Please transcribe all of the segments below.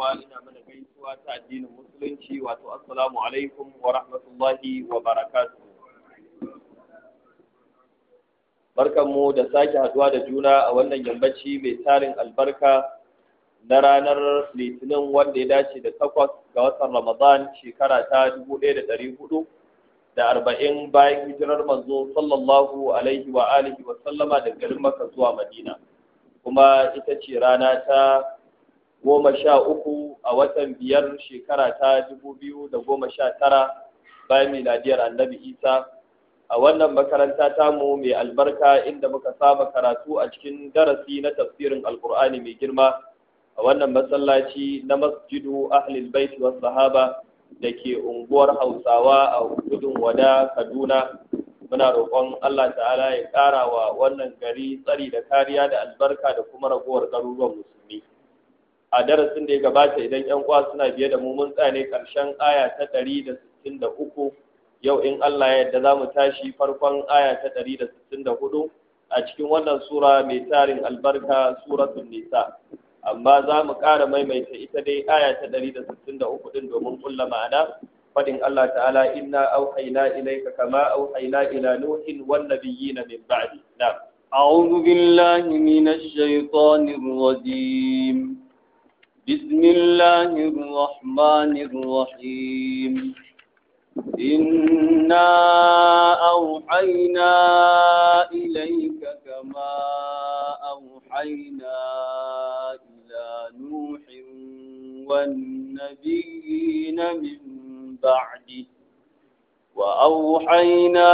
uwa ina mana gaisuwa ta addinin musulunci wato assalamu alaikum wa rahmatullahi wa barakatuh barkanmu da sake haduwa da juna a wannan yammaci mai tarin albarka na ranar litinin wanda ya dace da takwas ga watan ramadan shekara ta dubu ɗaya da ɗari hudu da arba'in bayan hijirar manzo sallallahu alaihi wa alihi wa sallama daga garin maka zuwa madina kuma ita ce rana ta goma sha uku a watan biyar shekara ta dubu biyu da goma sha tara bayan miladiyar annabi isa a wannan makaranta tamu mai albarka inda muka saba karatu a cikin darasi na tafsirin alkur'ani mai girma a wannan masallaci na masjidu ahlul bait wa sahaba da ke unguwar hausawa a gudun wada kaduna muna roƙon allah ta'ala ya ƙara wa wannan gari tsari da kariya da albarka da kuma ragowar garuruwan a darasin da ya gabata idan yan kwa suna biye da mu mun tsane karshen aya ta 163 yau in Allah ya yarda za mu tashi farkon aya ta 164 a cikin wannan sura mai tarin albarka suratul nisa amma za mu ƙara maimaita ita dai aya ta 163 ɗin domin kulla ma'ana faɗin Allah ta'ala inna auhayna ilayka kama auhayna ila nuhin wan na min ba'di na أعوذ بالله من الشيطان الرجيم بسم الله الرحمن الرحيم إنا أوحينا إليك كما أوحينا إلى نوح والنبيين من بعده وأوحينا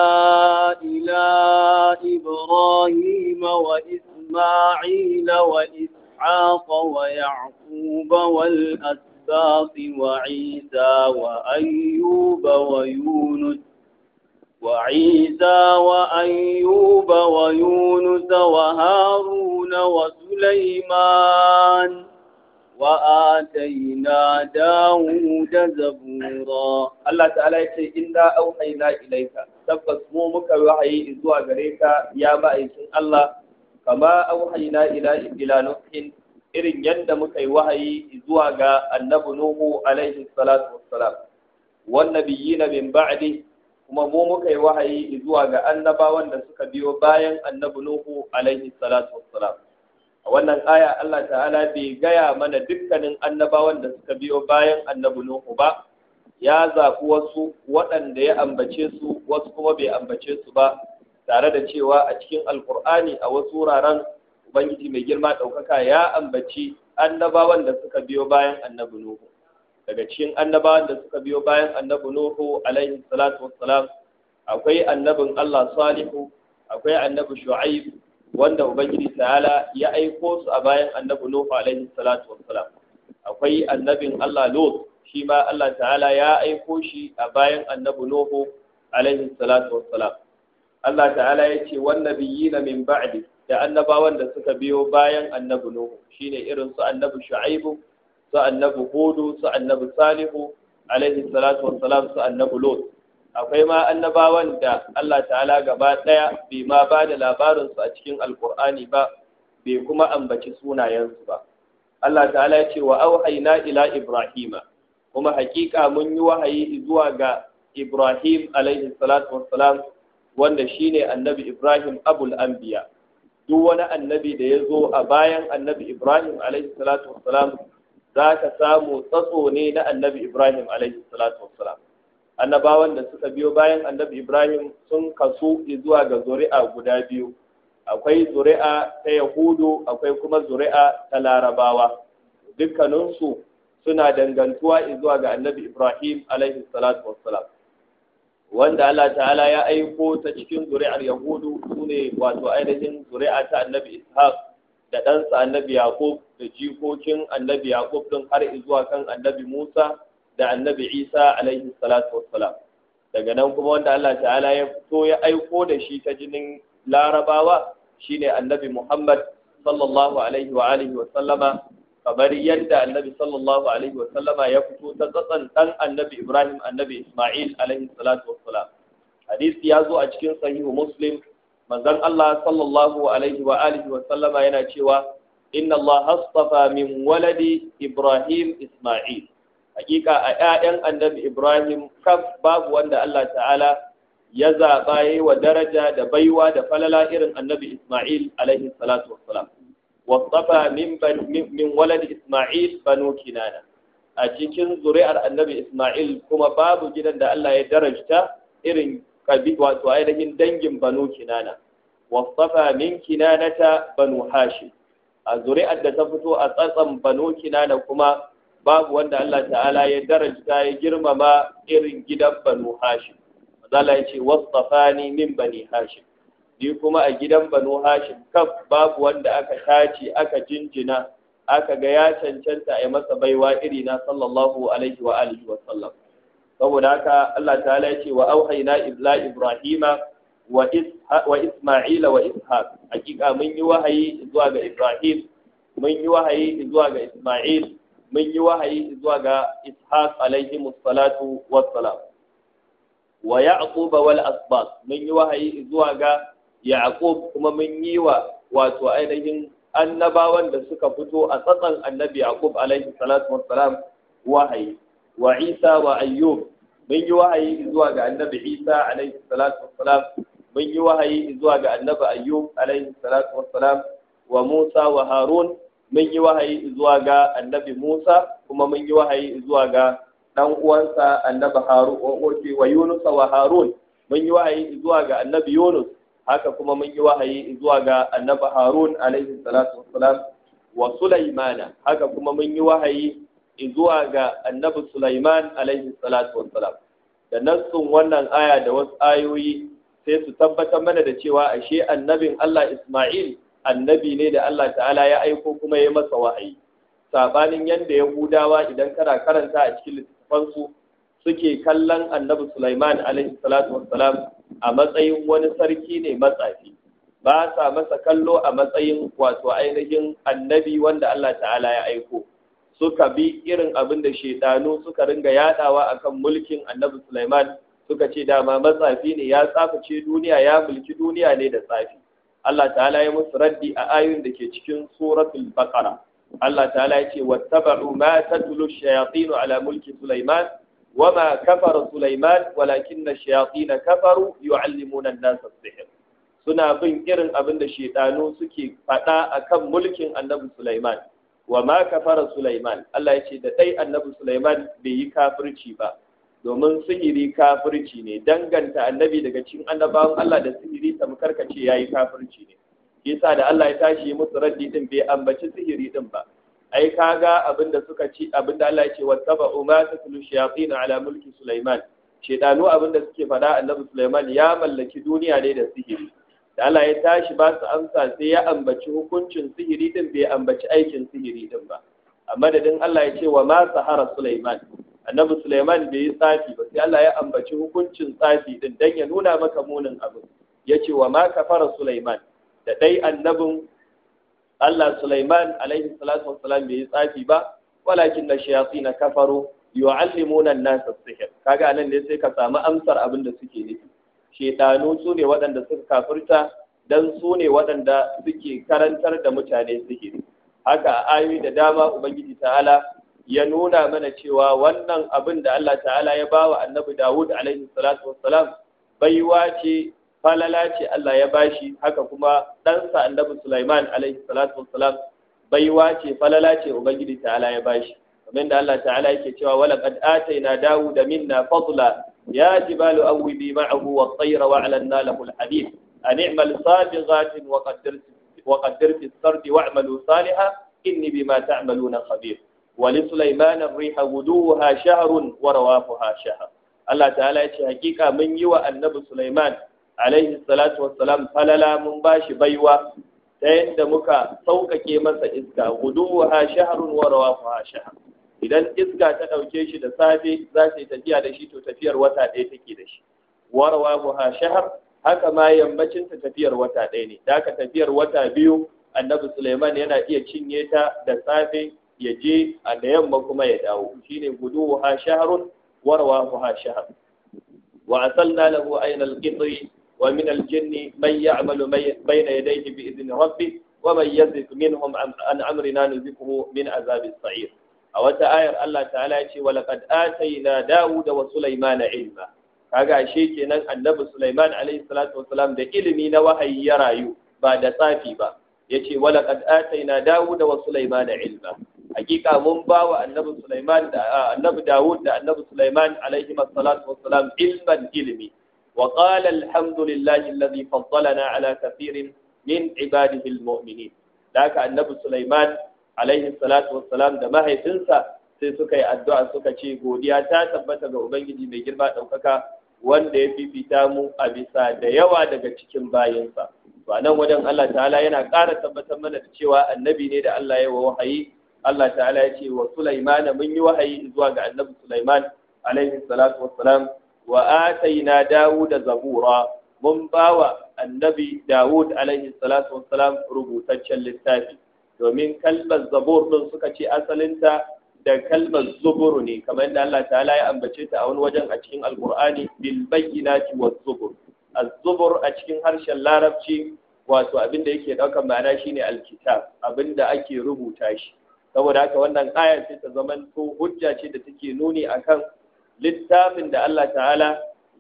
إلى إبراهيم وإسماعيل وإسحاق ويعقوب ويعقوب والأسباط وعيسى وأيوب ويونس وعيسى وأيوب ويونس وهارون وسليمان وآتينا داود زبورا الله تعالى يقول إنا أوحينا إليك تبقى سمومك وحي إزوى غريك يا بائس الله كما أوحينا إلى إلى نوح irin yadda muka yi wahayi zuwa ga annabi Nuhu alaihi salatu wassalam wan nabiyina min ba'di kuma mu muka yi wahayi zuwa ga annabawan da suka biyo bayan annabi Nuhu alaihi salatu wassalam a wannan aya Allah ta'ala bai gaya mana dukkanin annabawan da suka biyo bayan annabi Nuhu ba ya zaku wasu waɗanda ya ambace su wasu kuma bai ambace su ba tare da cewa a cikin alkur'ani a wasu wuraren ubangiji mai girma ɗaukaka ya ambaci annabawan da suka biyo bayan annabi nuhu daga cikin annabawan da suka biyo bayan annabi nuhu alaihi salatu wassalam akwai annabin Allah salihu akwai annabi shu'aib wanda ubangiji ta'ala ya aiko su a bayan annabi nuhu alaihi salatu wassalam akwai annabin Allah lut shi ma Allah ta'ala ya aiko shi a bayan annabi nuhu alaihi salatu wassalam Allah ta'ala ya ce wan nabiyina min ba'di da annabawan da suka biyo bayan annabi Nuhu shine irin su annabi Shu'aibu su annabi Hudu su annabi Salihu alaihi salatu wassalam su annabi Lut akwai ma annabawan da Allah ta'ala gaba daya bai ma ba da labarin su a cikin alkur'ani ba bai kuma ambaci sunayensu ba Allah ta'ala ya ce wa auhayna ila Ibrahima kuma hakika mun yi wahayi zuwa ga Ibrahim alaihi salatu wassalam wanda shine annabi Ibrahim abul anbiya duk wani annabi da ya zo a bayan annabi ibrahim alaihi salatu wassalam za ka samu tsatso ne na annabi ibrahim alaihi salatu wassalam annabawan da suka biyo bayan annabi ibrahim sun kasu zuwa ga zuri'a guda biyu akwai zuri'a ta yahudu akwai kuma zuri'a ta larabawa dukkaninsu suna dangantuwa zuwa ga annabi ibrahim alaihi salatu wassalam wanda Allah ta'ala ya aiko ta cikin zuri'ar yahudu sune wato ainihin zuri'a ta annabi ishaq da ɗansa annabi yaqub da jikokin annabi yaqub din har zuwa kan annabi musa da annabi isa alaihi salatu wassalam daga nan kuma wanda Allah ta'ala ya fito ya aiko da shi ta jinin larabawa shine annabi muhammad sallallahu alaihi wa alihi wa sallama kamar yadda annabi sallallahu alaihi wasallama ya fito ta tsatsan dan annabi Ibrahim annabi Ismail alaihi salatu wassalam hadisi ya zo a cikin sahihu Muslim manzon Allah sallallahu alaihi wa alihi wasallama yana cewa inna Allah astafa min waladi Ibrahim Ismail hakika a ƴaƴan annabi Ibrahim kaf babu wanda Allah ta'ala ya zaɓa wa daraja da baiwa da falala irin annabi Ismail alaihi salatu wassalam wasafa min walad Isma'il banu Kinana a cikin zuri'ar annabi Isma'il kuma babu gidan da Allah ya darajta irin wato ainihin dangin banu Kinana wasafa min Kinanata banu Hashim a zuri'ar da ta fito a tsatsan banu Kinana kuma babu wanda Allah ta'ala ya darajta ya girmama irin gidan banu hashim mazala ya ce wasafani min bani hashim ni kuma a gidan banu hashim kaf babu wanda aka tace aka jinjina aka ga ya cancanta a yi masa baiwa iri na sallallahu alaihi wa alihi wa sallam saboda haka Allah ta'ala ya ce wa auhayna ibla ibrahima wa isma'ila wa ishaq hakika mun yi wahayi zuwa ga ibrahim mun yi wahayi zuwa ga isma'il mun yi wahayi zuwa ga ishaq alaihi musallatu wassalam wa ya'qub wal asbat mun yi wahayi zuwa ga yaqub kuma mun yi wa wato ainihin annabawan da suka fito a tsatsan annabi yaqub alaihi salatu wassalam wahayi wa isa wa ayyub mun yi wahayi zuwa ga annabi isa alaihi salatu wassalam mun yi wahayi zuwa ga annabi ayyub alaihi salatu wassalam wa musa wa harun mun yi wahayi zuwa ga annabi musa kuma mun yi wahayi zuwa ga dan uwansa annabi harun wa yunus wa harun mun yi wahayi zuwa ga annabi yunus haka kuma mun yi wahayi zuwa ga annabi harun alaihi salatu wassalam wa sulaimana haka kuma mun yi wahayi zuwa ga annabi sulaiman alaihi salatu wassalam da nassun wannan aya da wasu ayoyi sai su tabbatar mana da cewa ashe annabin Allah Ismail annabi ne da Allah ta'ala ya aiko kuma ya masa wahayi sabanin yanda yahudawa idan kana karanta a cikin littafansu suke kallon annabi Sulaiman alaihi salatu wassalam a matsayin wani sarki ne matsafi ba sa masa kallo a matsayin wato ainihin annabi wanda Allah ta'ala ya aiko suka bi irin abin da shedanu suka ringa yadawa akan mulkin annabi Sulaiman suka ce dama matsafi ne ya tsaface duniya ya mulki duniya ne da tsafi Allah ta'ala ya musu raddi a ayoyin da ke cikin suratul baqara Allah ta'ala ya ce wattaba'u ma tatlu shayatin ala mulki Sulaiman وما كفر سليمان ولكن الشياطين كفروا يعلمون الناس السحر suna bin irin abin da shaidanu suke faɗa a kan mulkin annabi Sulaiman wa ma kafara Sulaiman Allah yace ce da dai annabi Sulaiman bai yi kafirci ba domin sihiri kafirci ne danganta annabi daga cikin annabawan Allah da sihiri ta mukarkace ce yayi kafirci ne yasa da Allah ya tashi musu raddi din bai ambaci sihiri din ba ai kaga da suka ci abin da Allah ya ce wattaba'u ma tulu shayatin ala mulki Sulaiman shedanu da suke fada Annabi Sulaiman ya mallaki duniya ne da sihiri da Allah ya tashi ba su amsa sai ya ambaci hukuncin sihiri din bai ambaci aikin sihiri din ba Amma da din Allah ya ce wa ma sahara Sulaiman Annabi Sulaiman bai yi tsafi ba sai Allah ya ambaci hukuncin tsafi din dan ya nuna maka munin Ya yace wa ma kafara Sulaiman da dai annabin Allah Sulaiman alaihi salatu wassalam bai yi tsafi ba walakin na shayatin na kafaro yu'allimuna an-nasa sihir kaga anan ne sai ka samu amsar abin da suke nufi shedanu su ne waɗanda suka kafirta dan su ne waɗanda suke karantar da mutane sihiri haka ayoyi da dama ubangiji ta'ala ya nuna mana cewa wannan abin da Allah ta'ala ya bawa annabi Dawud alaihi salatu wassalam baiwa ce falala ce Allah ya bashi haka kuma ɗansa annabi Sulaiman alaihi salatu wassalam baiwa ce falala ce ubangiji ta'ala ya bashi kamar da Allah ta'ala yake cewa wala qad ataina dawuda minna fadla ya jibalu awwibi ma'ahu wa tayra wa 'alanna lahu al-hadid an i'mal sabighatin wa qaddir wa qaddir fi sardi wa'malu Saliha. inni bima ta'maluna khabir wa li sulaiman ar-riha guduha shahrun wa rawafuha shahr Allah ta'ala ya ce hakika mun yi wa annabi Sulaiman alaihi salatu wassalam falala mun bashi baiwa ta yadda muka sauƙaƙe masa iska guduwa shahrun wa rawafuha shahr idan iska ta ɗauke shi da safe za ta yi tafiya da shi to tafiyar wata ɗaya take da shi warwa buha shahar haka ma yammacin ta tafiyar wata ɗaya ne da haka tafiyar wata biyu annabi suleiman yana iya cinye ta da safe ya je a da yamma kuma ya dawo shine guduha shahrun warwa buha shahar wa asalna lahu aynal qitri ومن الجن من يعمل بين يديه بإذن ربه ومن يزك منهم عن أمرنا نزكه من عذاب السعير أو آية الله تعالى ولقد آتينا داود وسليمان علما kaga ashe kenan annabi Sulaiman alaihi salatu wasalam da ilimi na wahayi ya rayu ba da tsafi ba yace wala qad ataina Dawud wa Sulaiman ilma hakika mun ba wa annabi Sulaiman da annabi da Sulaiman ilman ilimi وقال الحمد لله الذي فضلنا على كثير من عباده المؤمنين ذاك النبي سليمان عليه الصلاة والسلام ده تنسى sai suka yi addu'a suka ce godiya ta tabbata ga Ubangiji mai girma ɗaukaka wanda ya fifita mu a bisa da yawa daga cikin bayansa. To nan wajen Allah ta'ala yana ƙara tabbatar mana da cewa annabi ne da Allah ya wa wahayi Allah ta'ala ya ce wa Sulaiman mun yi wahayi zuwa ga annabi Sulaiman alaihi salatu wassalam wa ataina da zabura mun bawa annabi Dawud alaihi salatu wassalam rubutaccen littafi domin kalmar zabur din suka ce asalinta da kalmar zubur ne kamar yadda Allah ta'ala ya ambace ta a wani wajen a cikin alqur'ani bil bayyinati zubur az-zubur a cikin harshen larabci wato abin da yake daukar ma'ana shine alkitab da ake rubuta shi saboda haka wannan aya ce ta zamanto hujja ce da take nuni akan littafin da Allah ta'ala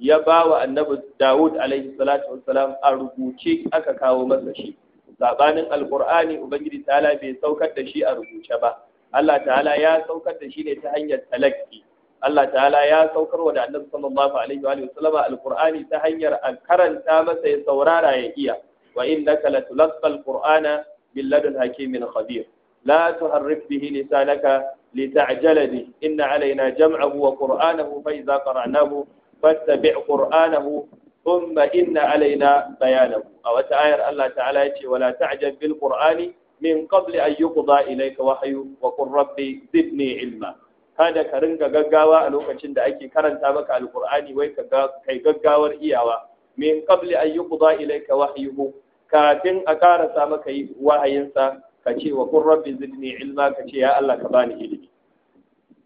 ya ba wa annabi Dawud alaihi salatu wassalam a rubuce aka kawo masa shi sabanin alqur'ani ubangiji ta'ala bai saukar da shi a rubuce ba Allah ta'ala ya saukar da shi ne ta hanyar talakki Allah ta'ala ya saukar wa da annabi sallallahu alaihi wa sallama alqur'ani ta hanyar a karanta masa ya saurara ya iya wa innaka latulqa alqur'ana bil ladun hakimin khabir la tuharrif bihi lisanaka لتعجل به إن علينا جمعه وقرآنه فإذا قرأناه فاتبع قرآنه ثم إن علينا بيانه أو تآير الله تعالى ولا تعجل بالقرآن من قبل أن يقضى إليك وحيه وقل ربي زدني علما kada ka ringa gaggawa a lokacin da ake karanta maka alkur'ani wai ka kai gaggawar iyawa min qabli an yuqda ilayka wahyuhu kafin a karasa maka wahayinsa ka ce wa kun rabbi zidni ilma ka ce ya Allah ka bani ilimi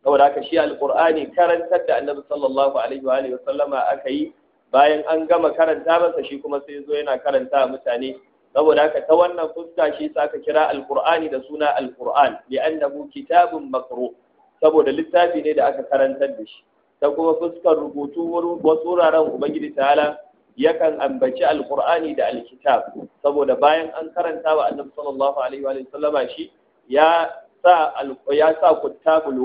saboda haka shi alqur'ani karantar da annabi sallallahu alaihi wa alihi wasallama aka yi bayan an gama karanta masa shi kuma sai zo yana karanta mutane saboda haka ta wannan fuska shi sa aka kira alqur'ani da suna alqur'an li'annahu kitabun makruh saboda littafi ne da aka karantar da shi ta kuma fuskar rubutu wasu wuraren ubangiji ta'ala yakan ambaci Alƙur'ani da alkitab saboda bayan an karanta wa annabi sallallahu alaihi wa sallama shi ya sa ya sa kuttabul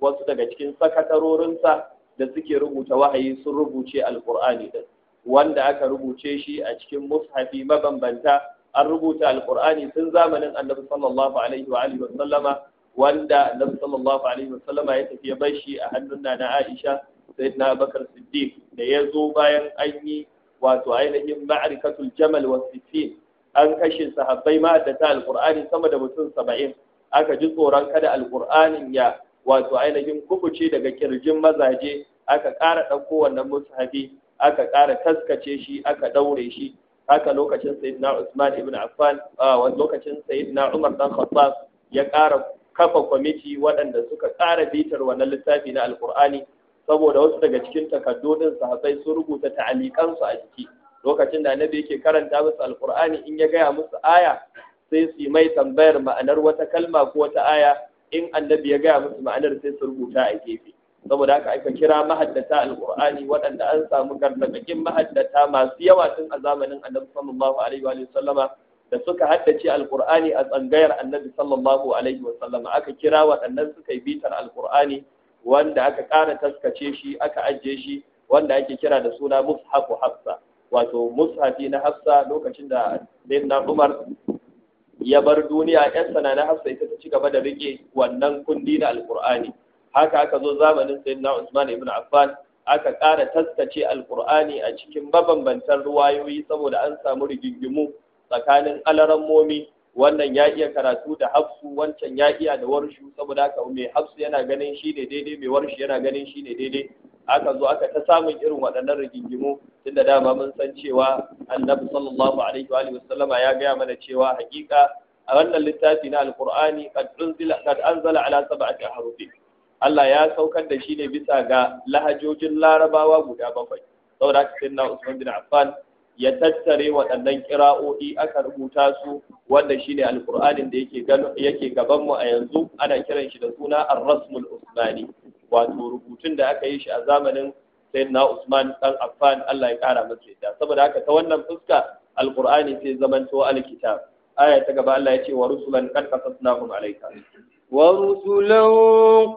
wasu daga cikin sakatarorinsa da suke rubuta wahayi sun rubuce alqur'ani din wanda aka rubuce shi a cikin mushafi mabambanta an rubuta alkur'ani tun zamanin annabi sallallahu alaihi wa alihi sallama, wanda annabi sallallahu alaihi sallama ya tafi ya bar shi a hannun na Aisha sayyidina Abubakar Siddiq da ya zo bayan an yi wato ainihin ma'arikatul jamal wa sittin an kashe sahabbai ma da ta alqur'ani sama da mutum saba'in aka ji tsoron kada alqur'anin ya wato ainihin kubuce daga kirjin mazaje aka ƙara ɗauko wannan mushafi aka ƙara taskace shi aka ɗaure shi haka lokacin sayyidina Usman ibn Affan wa lokacin sayyidina Umar dan Khattab ya ƙara kafa kwamiti waɗanda suka ƙara bitar wannan littafi na alqur'ani saboda wasu daga cikin takaddodin sa, sahabbai sun rubuta ta'alikansu a jiki lokacin da annabi yake karanta musu alqur'ani in ya gaya musu aya sai su mai tambayar ma'anar wata kalma ko wata aya in annabi ya gaya musu ma'anar sai su rubuta a gefe saboda haka aka kira mahaddata alqur'ani waɗanda an samu gardaƙin mahaddata masu yawa tun a zamanin annabi sallallahu alaihi wa sallama da suka haddace alqur'ani a tsangayar annabi sallallahu alaihi wa sallama aka kira waɗannan suka yi bitar alqur'ani wanda aka ƙara taskace shi aka ajiye shi wanda ake kira da suna mushafu hafsa wato mushafi na hafsa lokacin da na umar ya bar duniya yan sana na hafsa ita ta ci gaba da rike wannan kundi na Alƙur'ani haka aka zo zamanin sayyidina usman ibn affan aka ƙara taskace Alƙur'ani a cikin mabambantan ruwayoyi saboda an samu rigingimu tsakanin alarammomi wannan ya iya karatu da hafsu wancan ya iya da warshu saboda haka mai hafsu yana ganin shi ne daidai mai warshu yana ganin shi ne daidai aka zo aka ta samun irin waɗannan rigingimu tun da dama mun san cewa annabi sallallahu alaihi wa sallama ya gaya mana cewa hakika a wannan littafi na alqur'ani qad unzila qad anzala ala sab'ati harufi Allah ya saukar da shi ne bisa ga lahajojin larabawa guda bakwai saboda haka na usman bin affan ya tattare waɗannan kira'o'i aka rubuta su wanda shi ne Alƙur'ani da yake gabanmu gaban mu a yanzu ana kiran shi da suna ar-rasmul usmani wato rubutun da aka yi shi a zamanin sayyidina usman dan affan Allah ya ƙara masa yadda saboda haka ta wannan fuska Alƙur'ani sai zamanto alkitab aya ta gaba Allah ya ce wa rusulan qad qasasnahum alayka ورسلا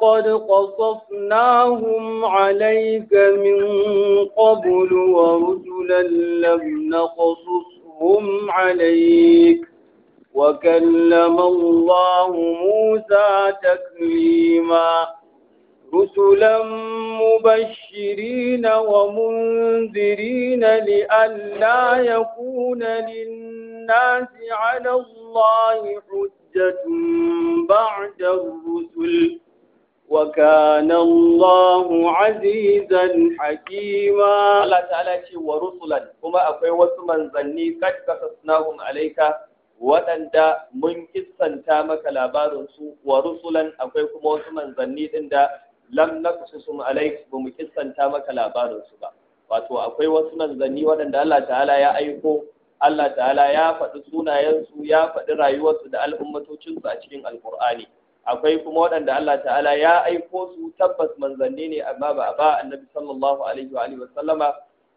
قد قصصناهم عليك من قبل ورسلا لم نقصصهم عليك وكلم الله موسى تكليما رسلا مبشرين ومنذرين لئلا يكون للناس على الله حسنا بعد الرسل وكان الله عزيزا حكيما الله تعالى ورسلا كما أكوي وسما ظني قد قصصناهم عليك waɗanda mun kisanta maka labarinsu wa rusulan akwai kuma wasu manzanni ɗin da lam naqsusum alaiki ba mu kisanta maka labarinsu ba wato akwai wasu manzanni waɗanda Allah ta'ala ya aiko Allah ta'ala ya faɗi sunayensu ya faɗi rayuwarsu da al'ummatocinsu a cikin alkur'ani akwai kuma waɗanda Allah ta'ala ya aiko su tabbas manzanni ne amma ba a ba annabi sallallahu alaihi wa alihi sallama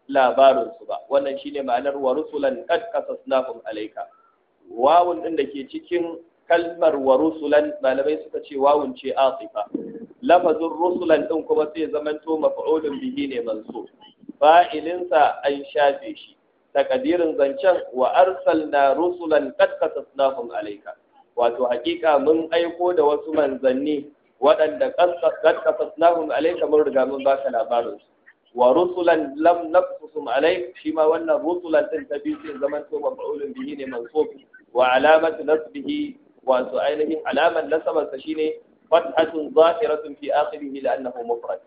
labarin ba wannan shine ma'anar wa rusulan qad qasasnahum alayka wawun din da ke cikin kalmar wa rusulan malamai suka ce wawun ce asifa lafazin rusulan din kuma sai zamanto maf'ulun bihi ne mansub fa'ilinsa an shafe shi takadirin zancen wa arsalna rusulan qad qasasnahum alayka wato hakika mun aiko da wasu manzanni waɗanda qad qasasnahum alayka mun riga mun baka labarin wa rusulan lam naqsusum alayk shi ma wannan rusulan din ta biyu sai zaman to maf'ulun bihi ne mansub wa alamatu nasbihi wato ainihin alaman nasabarsa shine fathatun zahiratun fi akhirih la'annahu mufrad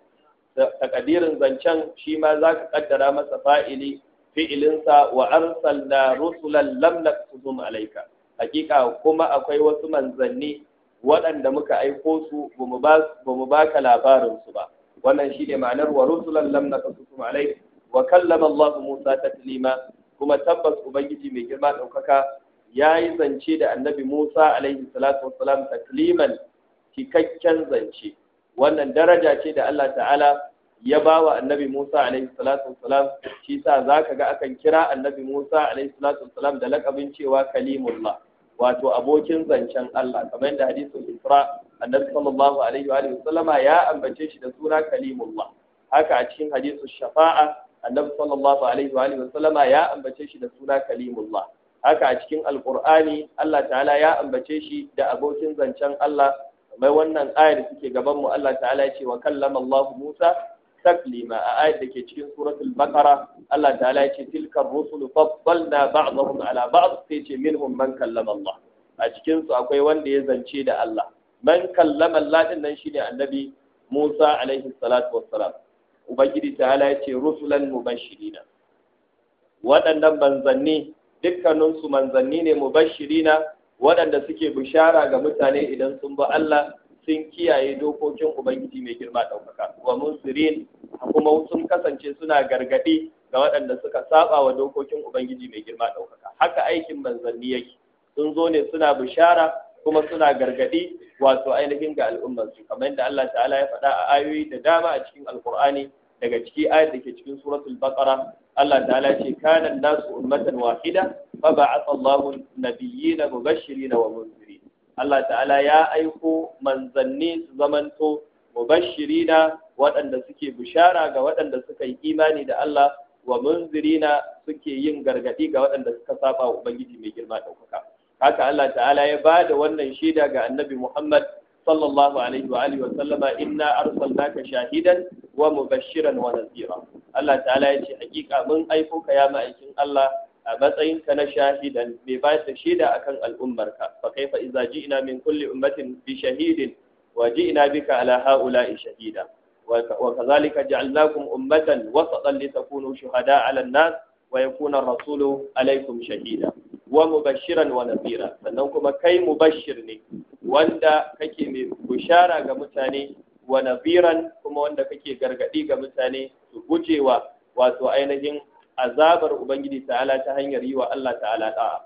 takadirin zancen shi ma zaka kaddara masa fa'ili fi'ilinsa wa arsalna rusulan lam naqsudum alayka hakika kuma akwai wasu manzanni waɗanda muka aiko su bamu ba baka labarin su ba wannan shine ma'anar wa rusulan lam naqsudum alayka wa kallama Allah Musa taklima kuma tabbas ubangiji mai girma ɗaukaka ya yi zance da annabi Musa alaihi salatu wassalam takliman cikakken zance wannan daraja ce da Allah ta'ala ya ba wa annabi Musa alaihi salatu wassalam shi sa zaka ga akan kira annabi Musa alaihi salatu wassalam da lakabin cewa kalimullah wato abokin zancen Allah kamar yadda hadisin Isra annabi sallallahu alaihi wa sallama ya ambace shi da suna kalimullah haka a cikin hadisin shafa'a annabi sallallahu alaihi wa sallama ya ambace shi da suna kalimullah haka a cikin alqur'ani Allah ta'ala ya ambace shi da abokin zancen Allah mai wannan ayar da suke gaban mu Allah ta'ala ya ce wa kallama Allah Musa taklima a ayat da ke cikin suratul bakara Allah ta'ala ya ce tilka rusulu faddalna ba'dahum ala ba'd sai ce minhum man kallama Allah a cikin su akwai wanda ya zance da Allah man kallama Allah din nan shine annabi Musa alaihi salatu wassalam ubangiji ta'ala ya ce rusulan mubashirina waɗannan manzanni dukkaninsu manzanni ne mubashirina waɗanda suke bishara ga mutane idan sun bi Allah sun kiyaye dokokin ubangiji mai girma ɗaukaka wa munsirin kuma sun kasance suna gargaɗi ga waɗanda suka saba wa dokokin ubangiji mai girma ɗaukaka haka aikin manzanni yake sun zo ne suna bishara kuma suna gargaɗi wato ainihin ga al'ummar su. kamar yadda Allah ta'ala ya faɗa a ayoyi da dama a cikin alkur'ani daga ciki ayat da ke cikin suratul baqara Allah ta'ala ce kana nasu ummatan wahida fa ba'atha Allahu nabiyyina mubashirin wa munzirin Allah ta'ala ya aiko manzanni su zamanto mubashirina waɗanda suke bushara ga waɗanda suka yi imani da Allah wa munzirina suke yin gargadi ga waɗanda suka saba wa ubangiji mai girma ɗaukaka haka Allah ta'ala ya ba da wannan shaida ga annabi Muhammad sallallahu alaihi wa alihi wa sallama inna arsalnaka shahidan wa mubashiran wa nazira Allah ta'ala ya ce hakika mun aiko ka ya ma'aikin Allah a matsayinka na shahidan mai ba da shaida akan al'ummarka fa kaifa idza ji'na min kulli ummatin bi shahidin wa ji'na bika ala haula'i shahida wa kadhalika ja'alnakum ummatan wasatan litakunu shuhada'a 'ala an-nas wa yakuna ar-rasulu 'alaykum shahida wa mubashiran wa nadhira sannan kuma kai mubashir ne wanda kake mai bushara ga mutane wa nabiran kuma wanda kake gargadi ga mutane su gujewa wato ainihin azabar ubangiji ta'ala ta hanyar yi wa Allah ta'ala da'a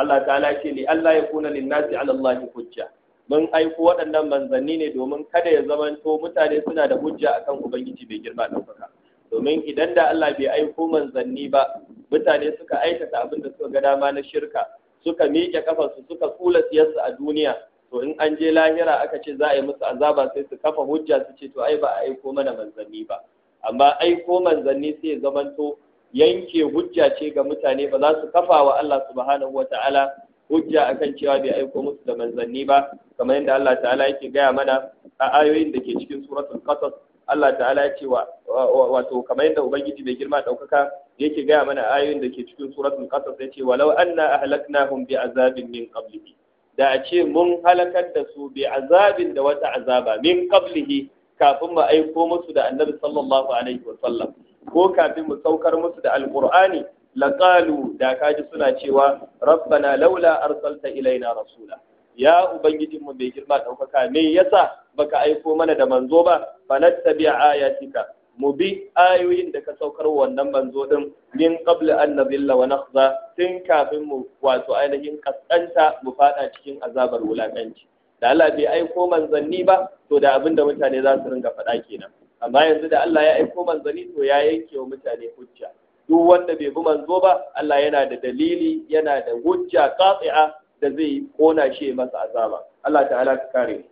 Allah ta'ala ce li Allah ya kuna linnasi ala Allah hujja mun aiko waɗannan manzanni ne domin kada ya zamanto mutane suna da hujja akan ubangiji bai girma ɗaukaka domin idan da Allah bai aiko manzanni ba mutane suka aikata abin da suka ga dama na shirka suka miƙe kafarsu suka kula siyarsu a duniya to in an je lahira aka ce za a yi musu azaba sai su kafa hujja su ce to ai ba a aiko mana manzanni ba amma aiko manzanni sai zamanto yanke hujja ce ga mutane ba za su kafa wa Allah subhanahu wa ta'ala hujja akan cewa bai aiko musu da manzanni ba kamar yadda Allah ta'ala yake gaya mana a ayoyin da ke cikin suratul qasas Allah ta'ala ya ce wa wato kamar yadda ubangiji mai girma daukaka yake gaya mana ayoyin da ke cikin suratul qasas ya ce walau anna ahlaknahum bi azabin min qablihi da a ce mun halakar da su bi azabin da wata azaba min qablihi kafin mu aiko musu da annabi sallallahu alaihi wa sallam ko kafin mu saukar musu da alqur'ani laqalu da kaji suna cewa rabbana laula arsalta ilaina rasula ya mu bai girma daukaka me yasa baka aiko mana da manzo ba fanattabi ayatika mu bi ayoyin da ka saukar wannan manzo din min qabla an nadilla wa nakhza tun kafin mu wato ainihin kaskanta mu fada cikin azabar wulakanci da Allah bai aiko manzanni ba to da abin da mutane za su ringa faɗa kenan amma yanzu da Allah ya aiko manzanni to ya yanke wa mutane hujja duk wanda bai bi manzo ba Allah yana da dalili yana da hujja qati'a da zai kona shi masa azaba Allah ta'ala ka kare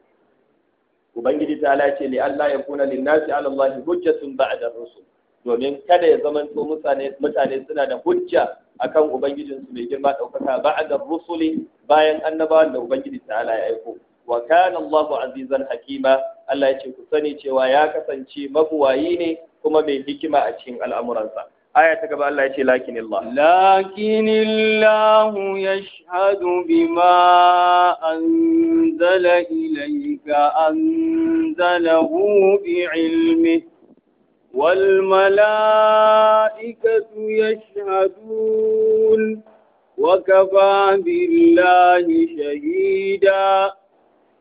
ubangiji ta'ala ce li Allah ya kuna linnasi ala Allah hujjatun ba'da rusul domin kada ya zamanto mutane mutane suna da hujja akan ubangijinsu mai girma daukaka ba'da rusuli bayan annabawan da ubangiji ta'ala ya aiko wa kana Allahu azizan hakima Allah ya ce ku sani cewa ya kasance mabuwayi ne kuma mai hikima a cikin al'amuransa aya ta gaba Allah ya ce lakinillah lakinillah yashhadu bima anzala ilayka anzalahu bi'ilmihi والملائكة يشهدون وكفى بالله شهيدا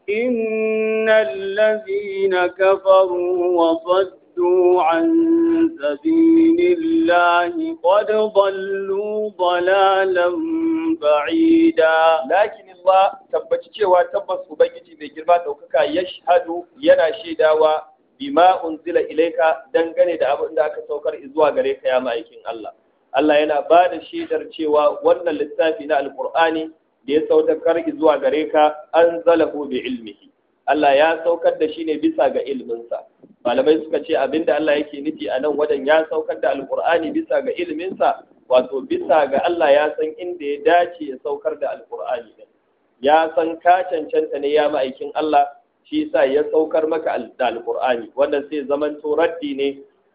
إن الذين كفروا وصدوا عن سبيل الله قد ضلوا ضلالا بعيدا لكن الله تبت cewa tabbas ubangiji mai girma ya yashhadu yana shaidawa bima unzila ilaika dangane da abin da aka saukar zuwa gare ka ma'aikin Allah Allah yana ba da shaidar cewa wannan littafi na alkur'ani da ya saukar zuwa gare ka an zalahu bi ilmihi Allah ya saukar da shi ne bisa ga ilminsa malamai suka ce abinda Allah yake nufi a nan wajen ya saukar da alkur'ani bisa ga ilminsa wato bisa ga Allah ya san inda ya dace ya saukar da alkur'ani ya san ka cancanta ne ya ma'aikin Allah shi yasa ya saukar maka da alkur'ani wannan sai zaman turaddi ne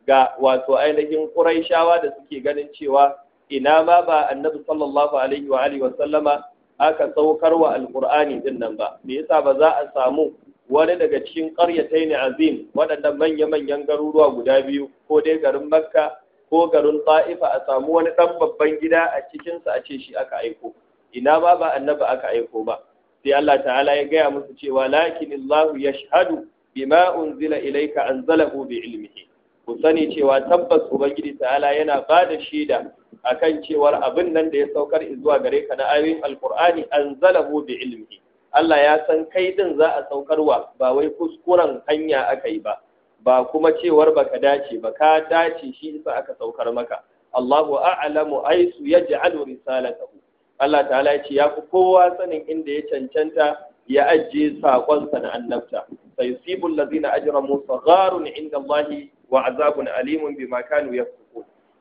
ga wato ainihin Qurayshawa da suke ganin cewa ina ma ba annabi sallallahu alaihi wa alihi wa sallama aka saukar wa alkur'ani din nan ba me yasa ba za a samu wani daga cikin ƙaryatai ne azim waɗannan manya-manyan garuruwa guda biyu ko dai garin makka ko garin ta'ifa a samu wani ɗan babban gida a cikinsa a ce shi aka aiko ina ba ba annaba aka aiko ba sai Allah ta'ala ya gaya musu cewa lakin Allah ya shahadu bima unzila ilaika anzalahu bi ilmihi ku sani cewa tabbas ubangiji ta'ala yana ba da shaida akan cewar abin nan da ya saukar zuwa gare ka na ayoyin alqur'ani anzalahu bi ilmihi Allah ya san kai din za a saukarwa ba wai kuskuren hanya aka yi ba ba kuma cewar baka dace ba ka dace shi isa aka saukar maka Allahu a'lamu aisu yaj'alu risalatahu Allah ta'ala ya ce ya fi kowa sanin inda ya cancanta ya ajiye sa na annabta sai sibul lazina ajramu sagharun inda Allah wa azabun alimun bima kanu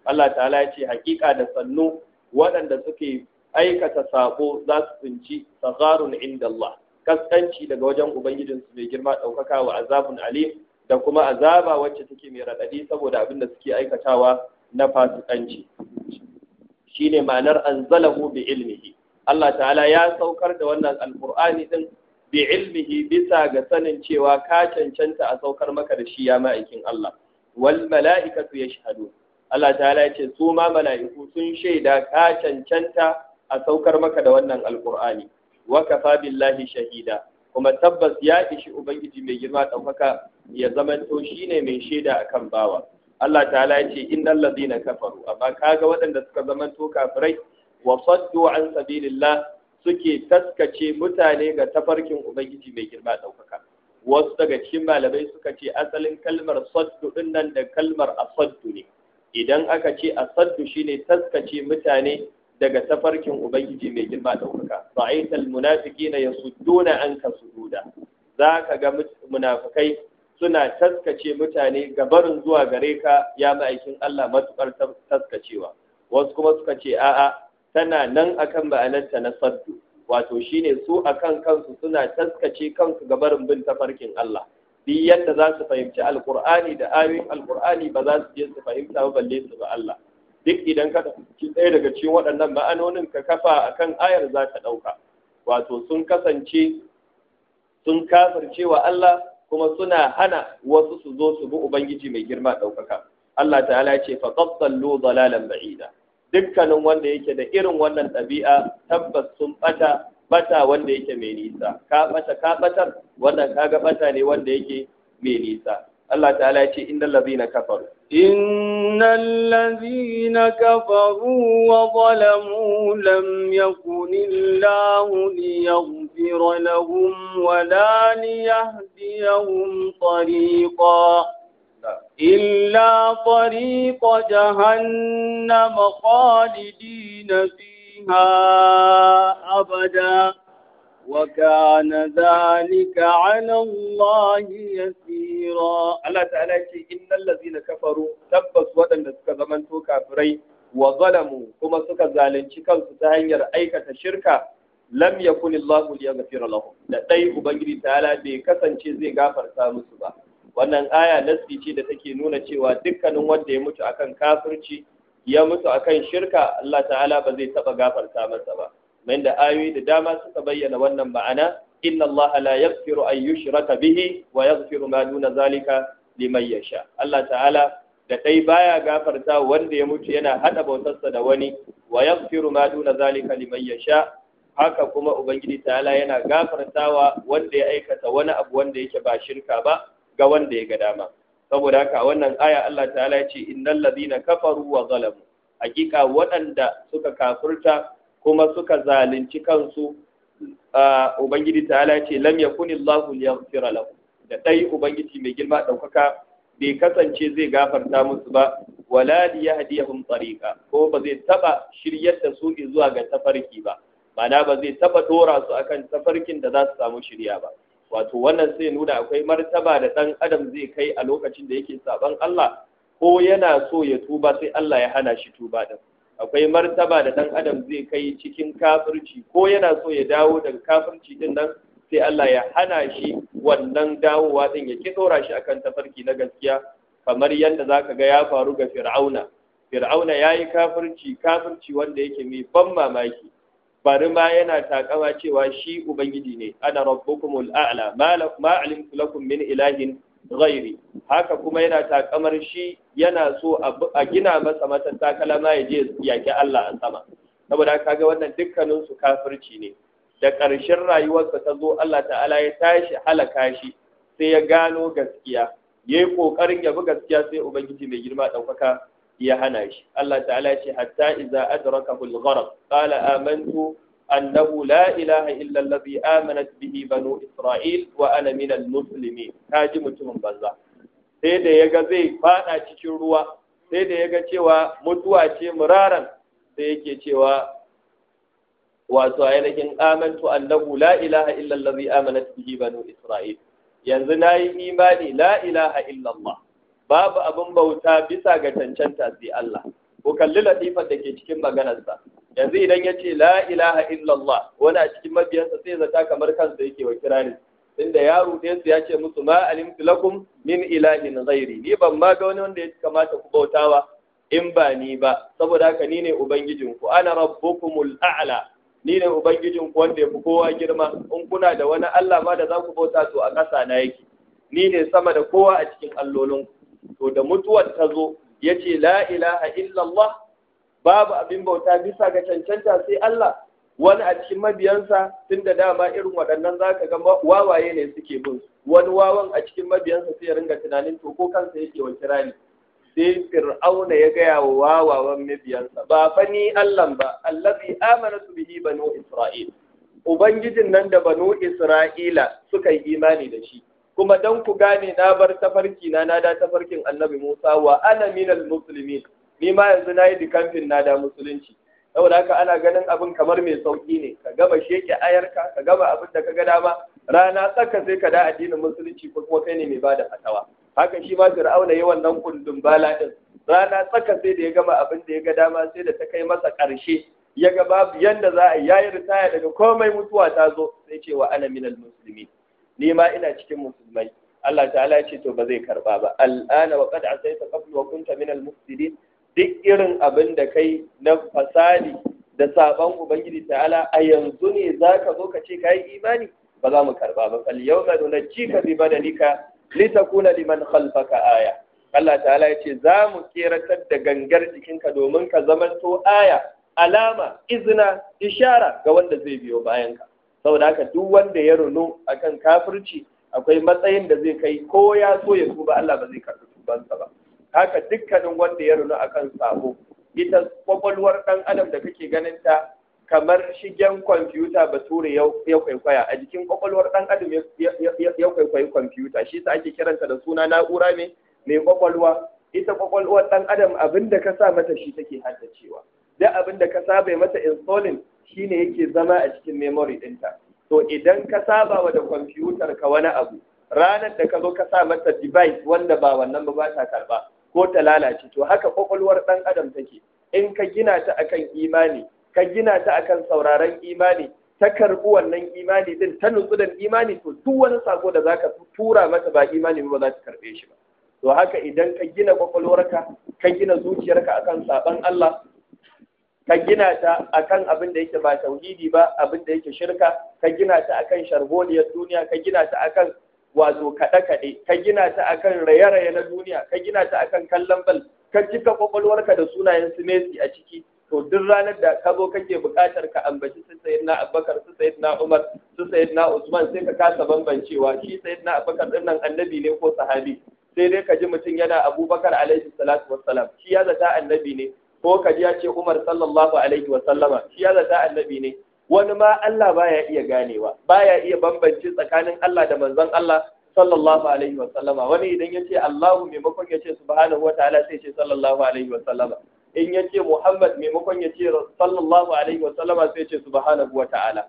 Allah ta'ala ya ce hakika da sannu waɗanda suke aikata sabo za su tsinci sagarun inda Allah kaskanci daga wajen su mai girma ɗaukaka wa azabun alim da kuma azaba wacce take mai raɗaɗi saboda abin da suke aikatawa na fasikanci shine ma'anar anzalahu bi ilmihi Allah ta'ala ya saukar da wannan alqur'ani din bi ilmihi bisa ga sanin cewa ka cancanta a saukar maka da shi ya ma'aikin Allah wal mala'ikatu yashhadun Allah ta'ala ya ce su ma mala'iku sun shaida ka cancanta a saukar maka da wannan alqur'ani wa kafa billahi shahida kuma tabbas ya ishi ubangiji mai girma ɗaukaka ya to shine mai shaida akan bawa Allah ta'ala ya ce innal ladina kafaru amma kaga waɗanda suka zamanto kafirai wa saddu an sabilillah suke taskace mutane ga tafarkin ubangiji mai girma daukaka wasu daga cikin malamai suka ce asalin kalmar saddu ɗinnan da kalmar asaddu ne idan aka ce asaddu ne taskace mutane daga tafarkin ubangiji mai girma da wuka ra'aital munafiqina yasudduna anka sududa zaka ga munafikai suna taskace mutane gabarin zuwa gare ka ya ma'aikin Allah matukar taskacewa wasu kuma suka ce a'a tana nan akan ma'anarta na saddu wato shine su akan kansu suna taskace kansu gabarin bin tafarkin Allah duk yadda za su fahimci alkur'ani da ayoyin alkur'ani ba za su je su fahimta ba balle su ba Allah duk idan ka ci ɗaya daga cikin waɗannan ma'anonin ka kafa akan ayar za ta ɗauka wato sun kasance sun kafirce wa Allah kuma suna hana wasu su zo su bi ubangiji mai girma ɗaukaka Allah ta'ala ya ce faqad dallu dalalan ba'ida dukkanin wanda yake da irin wannan ɗabi'a tabbas sun bata bata wanda yake mai nisa ka bata ka batar wannan kaga bata ne wanda yake mai nisa Allah ta'ala ya ce innal ladhina kafaru innal ladhina kafaru wa zalamu lam yakunillahu liyaghfira lahum wa la liyahdiyahum tariqa إلا طريق جهنم خالدين فيه منها أبدا وكان ذلك على الله يسيرا الله تعالى إن الذين كفروا تبس ودن كزمن كافري وظلموا كما سك زالن شكال ستهنير أيكة شركة لم يكن الله ليغفر lahum da dai ubangiji ta'ala bai kasance zai gafarta musu ba wannan aya nasi ce da take nuna cewa dukkanin wanda ya mutu akan kafirci ya mutu akan shirka Allah ta'ala ba zai taba gafarta masa ba mai da ayoyi da dama suka bayyana wannan ma'ana inna Allah la yaghfiru an yushraka bihi wa yaghfiru ma duna zalika liman yasha Allah ta'ala da dai baya gafarta wanda ya mutu yana haɗa bautarsa da wani wa yaghfiru ma duna zalika liman yasha haka kuma ubangiji ta'ala yana gafartawa wanda ya aikata wani abu wanda yake ba shirka ba ga wanda ya ga dama saboda haka a wannan aya Allah ta'ala ya ce innal ladina kafaru wa zalamu hakika waɗanda suka kafirta kuma suka zalunci kansu ubangiji ta'ala ce lam yakunillahu liyaghfira lahum da dai ubangiji mai girma daukaka bai kasance zai gafarta musu ba wala liyahdihum tariqa ko ba zai taba shiryar da su zuwa ga tafarki ba ma'ana ba zai taba dora su akan tafarkin da za su samu shirya ba wato wannan sai nuna akwai martaba da ɗan adam zai kai a lokacin da yake saban Allah ko yana so ya tuba sai Allah ya hana shi tuba din akwai martaba da ɗan adam zai kai cikin kafirci ko yana so ya dawo daga kafirci din nan sai Allah ya hana shi wannan dawowa din ya ki tsora shi akan tafarki na gaskiya kamar yadda zaka ga ya faru ga Fir'auna Fir'auna yayi kafirci kafirci wanda yake mai ban mamaki bari ma yana takama cewa shi ubangiji ne ana rabbukumul a'la ma alimtu lakum min ilahin ghairi haka kuma yana takamar shi yana so a gina masa matanta kalama ya je yaki Allah a sama saboda kaga wannan dukkanin su kafirci ne da ƙarshen rayuwarsa ta zo Allah ta'ala ya tashi halaka shi sai ya gano gaskiya yayi kokarin ya bi gaskiya sai ubangiji mai girma daukaka ya hana shi Allah ta'ala ya ce hatta iza adraka al-gharq qala amantu annahu la ilaha illa allazi amanat bihi banu isra'il wa ana min al-muslimin kaji mutumin banza sai da yaga zai fada cikin ruwa sai da yaga cewa mutuwa ce muraran sai yake cewa wato ainihin amantu annahu la ilaha illa allazi amanat bihi banu isra'il yanzu nayi imani la ilaha illa allah babu abin bauta bisa ga cancanta sai Allah ku kalli latifar da ke cikin maganarsa yanzu idan ya ce la ilaha illallah wani a cikin mabiyansa sai zata kamar kansa yake wa kirari inda ya rute su ya ce musu ma alim filakum min ilahin zairi ni ban ma ga wani wanda ya kamata ku bautawa in ba ni ba saboda haka ni ne ubangijin ku ana rabbukumul a'la ni ne ubangijin wanda ya fi kowa girma in kuna da wani Allah ma da za ku bauta su a ƙasa na yake ni ne sama da kowa a cikin allolinku to da mutuwar ta zo ya ce la ilaha illallah babu abin bauta bisa ga cancanta sai Allah wani a cikin mabiyansa tun da dama irin waɗannan za ka ga wawaye ne suke bin wani wawan a cikin mabiyansa sai ya ringa tunanin to ko kansa yake wa kirani sai fir'auna ya gaya wa wawawan mabiyansa ba fa ni Allah ba allazi amana bihi banu isra'il ubangijin nan da banu isra'ila suka yi imani da shi kuma dan ku gane na bar tafarki na na da tafarkin annabi Musa wa ana minal muslimin ni ma yanzu na yi dikamfin na da musulunci saboda haka ana ganin abin kamar mai sauki ne ka gaba sheke ayarka ka gama abin da ka ga dama rana tsaka sai ka da addinin musulunci ko kuma kai ne mai bada fatawa haka shi ma fir'auna yawan nan kundin bala din rana tsaka sai da ya gama abin da ya ga dama sai da ta kai masa ƙarshe ya ga babu yanda za a yayi ritaya daga komai mutuwa ta zo sai cewa ana minal muslimin ni ma ina cikin musulmai Allah ta'ala ya ce to ba zai karba ba al'ana wa qad asaita qablu wa kunta min al duk irin abin da kai na fasali da saban ubangiji ta'ala a yanzu ne zaka zo ka ce kai imani ba za mu karba ba fal yawma nunajjika bi badalika litakuna liman khalfaka aya Allah ta'ala ya ce za mu kiratar da gangar jikinka domin ka zama to aya alama izina ishara ga wanda zai biyo bayanka saboda haka duk wanda ya runo akan kafirci akwai matsayin da zai kai ko ya so ya tuba Allah ba zai karɓi tubansa ba haka dukkanin wanda ya runo akan sabo ita kwakwalwar ɗan adam da kake ganin ta kamar shigen kwamfuta bature ya kwaikwaya a jikin kwakwalwar ɗan adam ya kwaikwayi kwamfuta shi sa ake kiranta da suna na'ura ne mai kwakwalwa ita kwakwalwar ɗan adam abinda da ka sa mata shi take haddacewa da abin da ka saba mata insulin shine yake zama a cikin memory ɗinta to idan ka saba wa da kwamfutar ka wani abu ranar da ka zo ka sa mata device wanda ba wannan ba ta karba ko ta lalace to haka kwakwalwar ɗan adam take in ka gina ta akan imani ka gina ta akan sauraron imani ta karɓi wannan imani ɗin ta nutsu da imani to duk wani sako da za ka tura mata ba imani ba za ta karɓe shi ba to haka idan ka gina kwakwalwarka ka gina zuciyarka akan saban Allah ka gina ta akan abin da yake ba tauhidi ba abin da yake shirka ka gina ta akan sharholiyar duniya ka gina ta akan wato kaɗe-kaɗe ka gina ta akan raye-raye na duniya ka gina ta akan kallon bal ka cika kwakwalwarka da sunayen su a ciki to duk ranar da ka zo kake buƙatar ka ambaci su na Abubakar su na Umar su na Usman sai ka kasa bambancewa shi na Abubakar ɗin nan annabi ne ko sahabi sai dai ka ji mutum yana Abubakar alaihi salatu wassalam shi ya zata annabi ne ko kaji ya ce Umar sallallahu alaihi wa sallama shi ya zata annabi ne wani ma Allah baya iya ganewa baya iya bambance tsakanin Allah da manzon Allah sallallahu alaihi wa sallama wani idan ya ce Allahu maimakon ya ce subhanahu wa ta'ala sai ce sallallahu alaihi wa sallama in ya ce Muhammad maimakon ya ce sallallahu alaihi wa sallama sai ce subhanahu wa ta'ala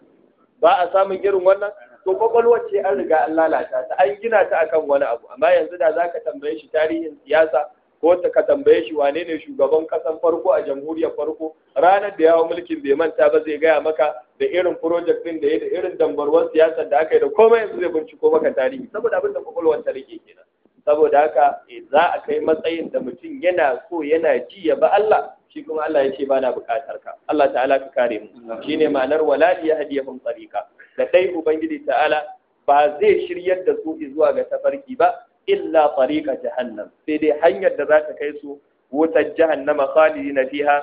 ba a samun irin wannan to kwakwalwar ce an riga an lalata ta an gina ta akan wani abu amma yanzu da zaka tambaye shi tarihin siyasa ko ta ka tambaye shi wane ne shugaban kasan farko a jamhuriyar farko ranar da yawon mulkin bai manta ba zai gaya maka da irin project din da ya da irin dambarwar siyasar da aka yi da komai yanzu zai binciko maka tarihi saboda abin da kwakwalwar ta rike kenan saboda haka eh, za a kai matsayin da mutum yana so yana ji ya ba Allah shi kuma Allah ya ce ba na bukatar ka Allah ta'ala ka kare mu shine ma'anar wala ya hadiyahum tariqa da dai ubangiji ta'ala ba zai shiryar da su zuwa ga tafarki ba illa tariqa jahannam sai dai hanyar da za ta kai su wutar jahannama khalidina fiha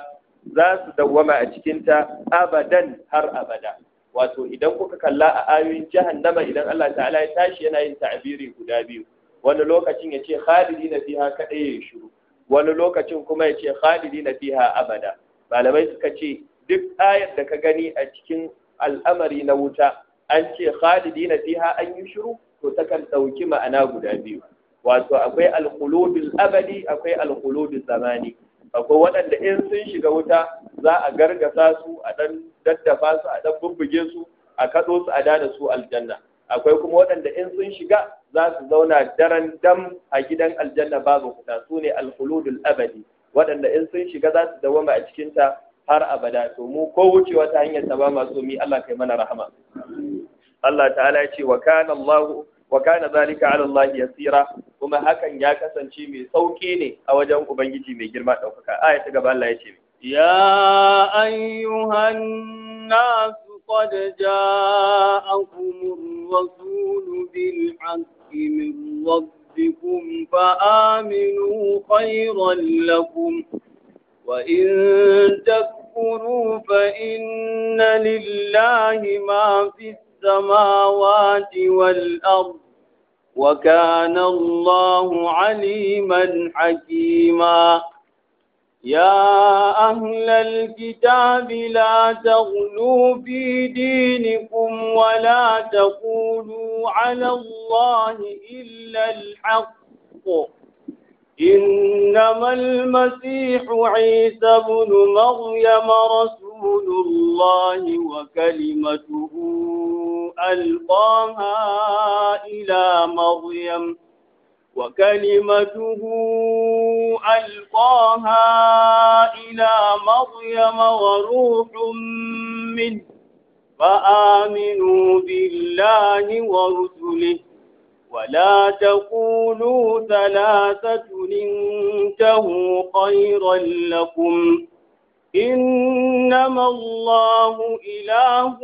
za su dawwama a cikin ta abadan har abada wato idan kuka kalla a ayoyin jahannama idan Allah ta'ala ya tashi yana yin ta'abiri guda biyu wani lokacin ya ce khalidina fiha kadai ya shiru wani lokacin kuma ya ce khalidina fiha abada malamai suka ce duk ayar da ka gani a cikin al'amari na wuta an ce khalidina fiha an yi shiru to takan ɗauki ma'ana guda biyu wato akwai alkhuludul abadi akwai alkhuludul zamani akwai waɗanda in sun shiga wuta za a gargasa su a ɗan daddafa su a ɗan bubbuge su a kaɗo su a dada su aljanna akwai kuma waɗanda in sun shiga za su zauna daren dam a gidan aljanna babu kuɗa su ne alkhuludul abadi waɗanda in sun shiga za su dawama a cikinta har abada to mu ko wucewa ta hanyar ta ba masu mi Allah kai mana rahama Allah ta'ala ya ce wa kana Allahu wa kana zalika ala Allah yasira kuma hakan ya kasance mai sauki ne a wajen ubangiji mai girma daukaka aya ta gaba Allah yace ya ayyuhan nas qad ja'akum ar-rasul bil haqqi min rabbikum fa aminu khayran lakum wa in تكفروا فإن لله ما في السماوات والأرض وكان الله عليما حكيما يا أهل الكتاب لا تغلوا في دينكم ولا تقولوا على الله إلا الحق إنما المسيح عيسى بن مريم رسول الله وكلمته ألقاها إلى مريم وكلمته ألقاها إلى مريم وروح منه فآمنوا بالله ورسله ولا تقولوا ثلاثة انتهوا خيرا لكم إنما الله إله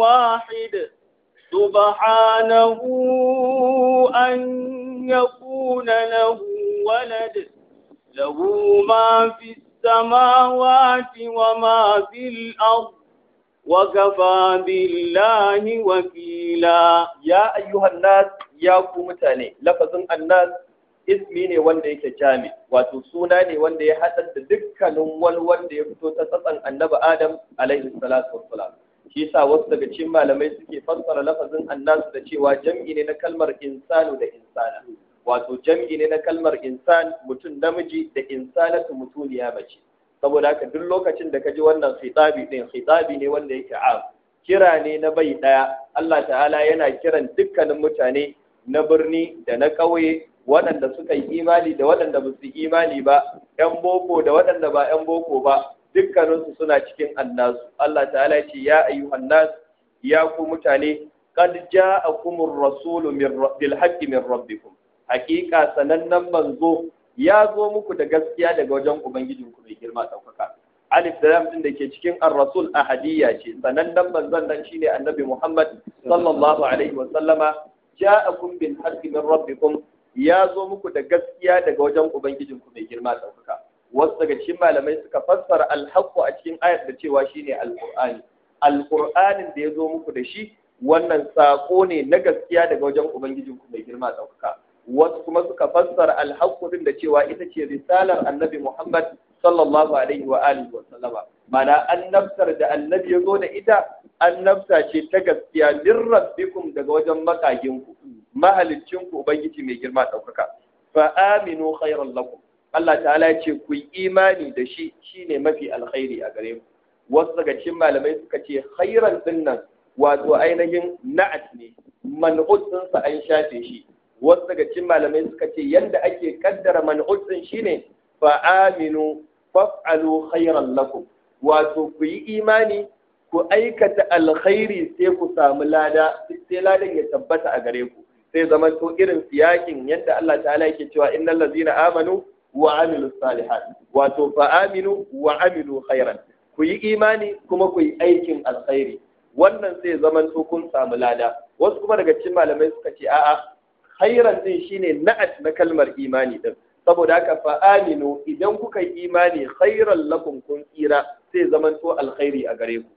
واحد سبحانه أن يكون له ولد له ما في السماوات وما في الأرض وكفى بالله وكيلا يا أيها الناس يا كمتاني لفظ الناس ismi ne wanda yake jami wato suna ne wanda ya haɗar da dukkanin wani wanda ya fito ta tsatsan annabi adam alaihi salatu wassalam shi yasa wasu daga cikin malamai suke fassara lafazin annasu da cewa jam'i ne na kalmar insanu da insana wato jam'i ne na kalmar insan mutum namiji da insanatu mutuniya mace saboda haka duk lokacin da ka ji wannan khitabi din khitabi ne wanda yake am kira ne na bai daya Allah ta'ala yana kiran dukkanin mutane na birni da na ƙauye waɗanda suka yi imani da waɗanda ba su imani ba ‘yan boko da waɗanda ba ‘yan boko ba dukkaninsu suna cikin annasu Allah ta'ala ce ya ayyu nas ya ku mutane qad ja'akumur rasulu min rabbil min rabbikum Hakika sanannen manzo ya zo muku da gaskiya daga wajen ubangijin ku mai girma daukaka alif da lam din da ke cikin an rasul Hadiyya ce sanannen manzon nan shine annabi Muhammad sallallahu alaihi wa sallama ja'akum bil haqqi min rabbikum ya zo muku da gaskiya daga wajen ubangijinku mai girma ɗaukaka wasu daga cikin malamai suka fassara alhaku a cikin ayar da cewa shi shine alqur'ani alqur'anin da ya zo muku da shi wannan saƙo ne na gaskiya daga wajen ubangijinku mai girma ɗaukaka wasu kuma suka fassara alhaku din da cewa ita ce risalar annabi Muhammad sallallahu alaihi wa alihi wa sallama mana annabtar da annabi ya zo da ita annabta ce ta gaskiya lirrabbikum daga wajen makaginku mahalicin ku ubangiji mai girma ɗaukaka fa aminu khairan lakum Allah ta'ala ya ce ku imani da shi shine mafi alkhairi a gare ku wasu daga cikin malamai suka ce khairan din wato ainihin na'at ne man'ud din sa an shafe shi wasu daga cikin malamai suka ce yanda ake kaddara man'ud din shine fa aminu faf'alu khairan lakum wato ku yi imani ku aikata alkhairi sai ku samu lada sai ladan ya tabbata a gare ku sai zama to irin siyakin yadda Allah ta'ala yake cewa innal ladzina amanu wa amilu salihat wato fa aminu wa amilu khairan ku yi imani kuma ku yi aikin alkhairi wannan sai zama to kun samu lada wasu kuma daga cikin malamai suka ce a'a khairan din shine na'at na kalmar imani din saboda haka fa aminu idan kuka yi imani khairan lakum kun tsira sai zama to alkhairi a gare ku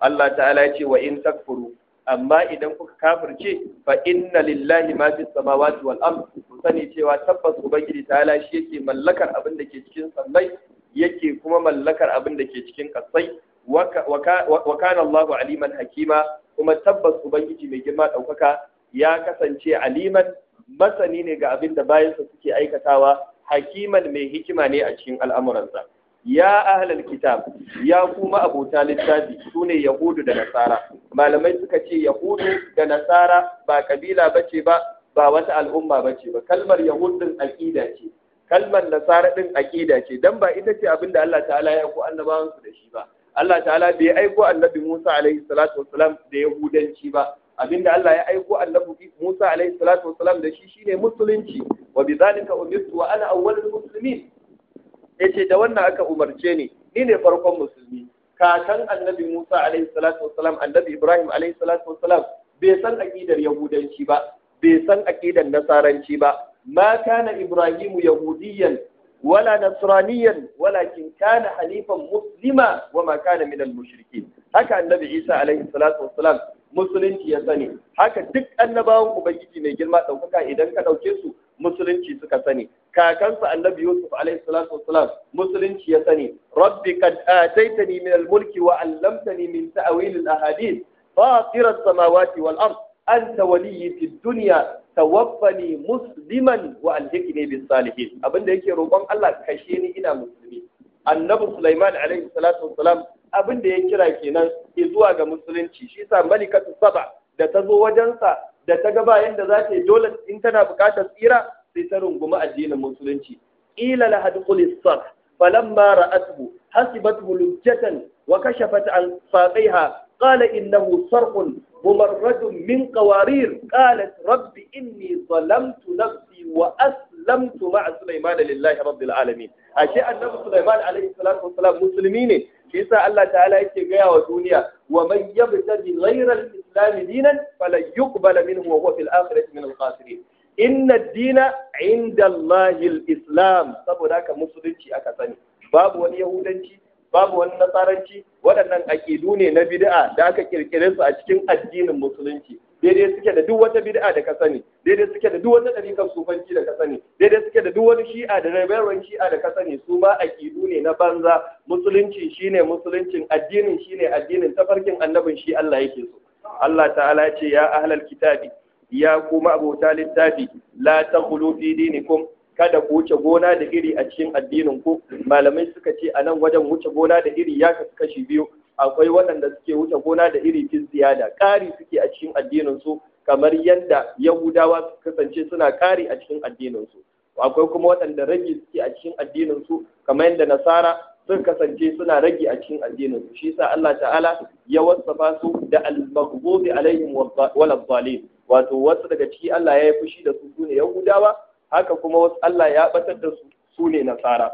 Allah ta'ala ya ce wa in takfuru amma idan kuka kafirce fa inna lillahi ma fi samawati wal ard ku sani cewa tabbas ubangiji ta'ala shi yake mallakar abin da ke cikin sammai yake kuma mallakar abin da ke cikin kasai wa kana Allahu aliman hakima kuma tabbas ubangiji mai girma daukaka ya kasance aliman masani ne ga abin da bayansa suke aikatawa hakiman mai hikima ne a cikin al'amuransa ya ahlal kitab ya kuma abota littafi sune yahudu da nasara malamai suka ce yahudu da nasara ba kabila bace ba ba wata al'umma bace ba kalmar yahudin aqida ce kalmar nasara ɗin aqida ce dan ba ita ce abinda Allah ta'ala ya ku annabawan su da shi ba Allah ta'ala bai aiko annabi Musa alaihi salatu wassalam da yahudanci ba abinda Allah ya aiko annabi Musa alaihi salatu wassalam da shi shine musulunci wa bi zalika umirtu wa ana awwalul muslimin ce da wannan aka umarce ni ni ne farkon musulmi kakan annabi Musa alaihi salatu wassalam annabi Ibrahim alaihi salatu wassalam bai san aqidar yahudanci ba bai san aqidar nasaranci ba ma kana Ibrahimu yahudiyan wala nasraniyan walakin kana halifan muslima wa ma kana minal mushrikin haka annabi Isa alaihi salatu wassalam musulunci ya sani haka duk annabawan ubangiji mai girma ɗaukaka idan ka ɗauke su musulunci suka sani kakansa annabi yusuf alaihi salatu wassalam musulunci ya sani rabbi qad ataitani min al-mulki wa 'allamtani min ta'wil al-ahadith fatir as-samawati wal ard anta waliyyi fid dunya tawaffani musliman wa alhiqni bis salihin abinda yake roƙon Allah kashe ni ina musulmi annabi sulaiman alaihi salatu wassalam abin da ya kira kenan zuwa ga musulunci shi sa malikatu saba da ta zo wajensa da ta ga ba yanda za ta yi dole in tana buƙatar tsira sai ta rungumi addinin musulunci ila la hadqul sab falamma ra'atuhu hasibathu lujatan wa kashafat an saqaiha qala innahu sarqun ممرد من قوارير قالت رب إني ظلمت نفسي وأسلمت مع سليمان لله رب العالمين أشياء النبي سليمان عليه الصلاة والسلام مسلمين يسا الله تعالى يتقيا ودنيا ومن يبتغي غير الإسلام دينا فلن يقبل منه وهو في الآخرة من الخاسرين إن الدين عند الله الإسلام سبب ذاك مسلمتي أكثر باب ونيهودنتي babu wani nasaranci waɗannan aƙidu ne na bid'a da aka kirkire su a cikin addinin musulunci daidai suke da duk wata bid'a da ka sani daidai suke da duk wata ɗariƙar sufanci da ka sani daidai suke da duk wani shi'a da rabarwar shi'a da ka sani su ma aƙidu ne na banza musulunci shine musuluncin addinin shine addinin tafarkin annabin shi Allah yake so Allah ta'ala ce ya ahlal kitabi ya kuma abota littafi la taghlu fi dinikum kada ku wuce gona da iri a cikin addinin ku malamai suka ce a nan wajen wuce gona da iri ya kasu kashi biyu akwai waɗanda suke wuce gona da iri fi ziyada ƙari suke a cikin addinin su kamar yadda yahudawa su kasance suna ƙari a cikin addinin su akwai kuma waɗanda rage suke a cikin addinin su kamar yadda nasara sun kasance suna rage a cikin addinin su shi sa Allah ta'ala ya wasafa su da al-maghdubi alaihim wal wato wasu daga ciki Allah ya yi fushi da su sune yahudawa haka kuma wasu Allah ya batar da su su ne nasara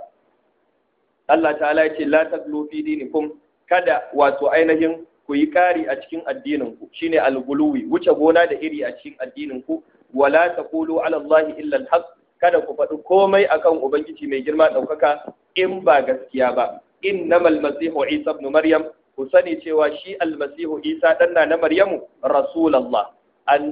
Allah ta'ala ya ce la taglu fi dinikum kada wato ainihin ku yi ƙari a cikin addininku, ku shine alguluwi wuce gona da iri a cikin addinin ku wala taqulu ala Allah illa al kada ku faɗi komai akan ubangiji mai girma ɗaukaka in ba gaskiya ba innamal masihu isa ibn maryam ku sani cewa shi almasihu isa dan na maryamu rasulullah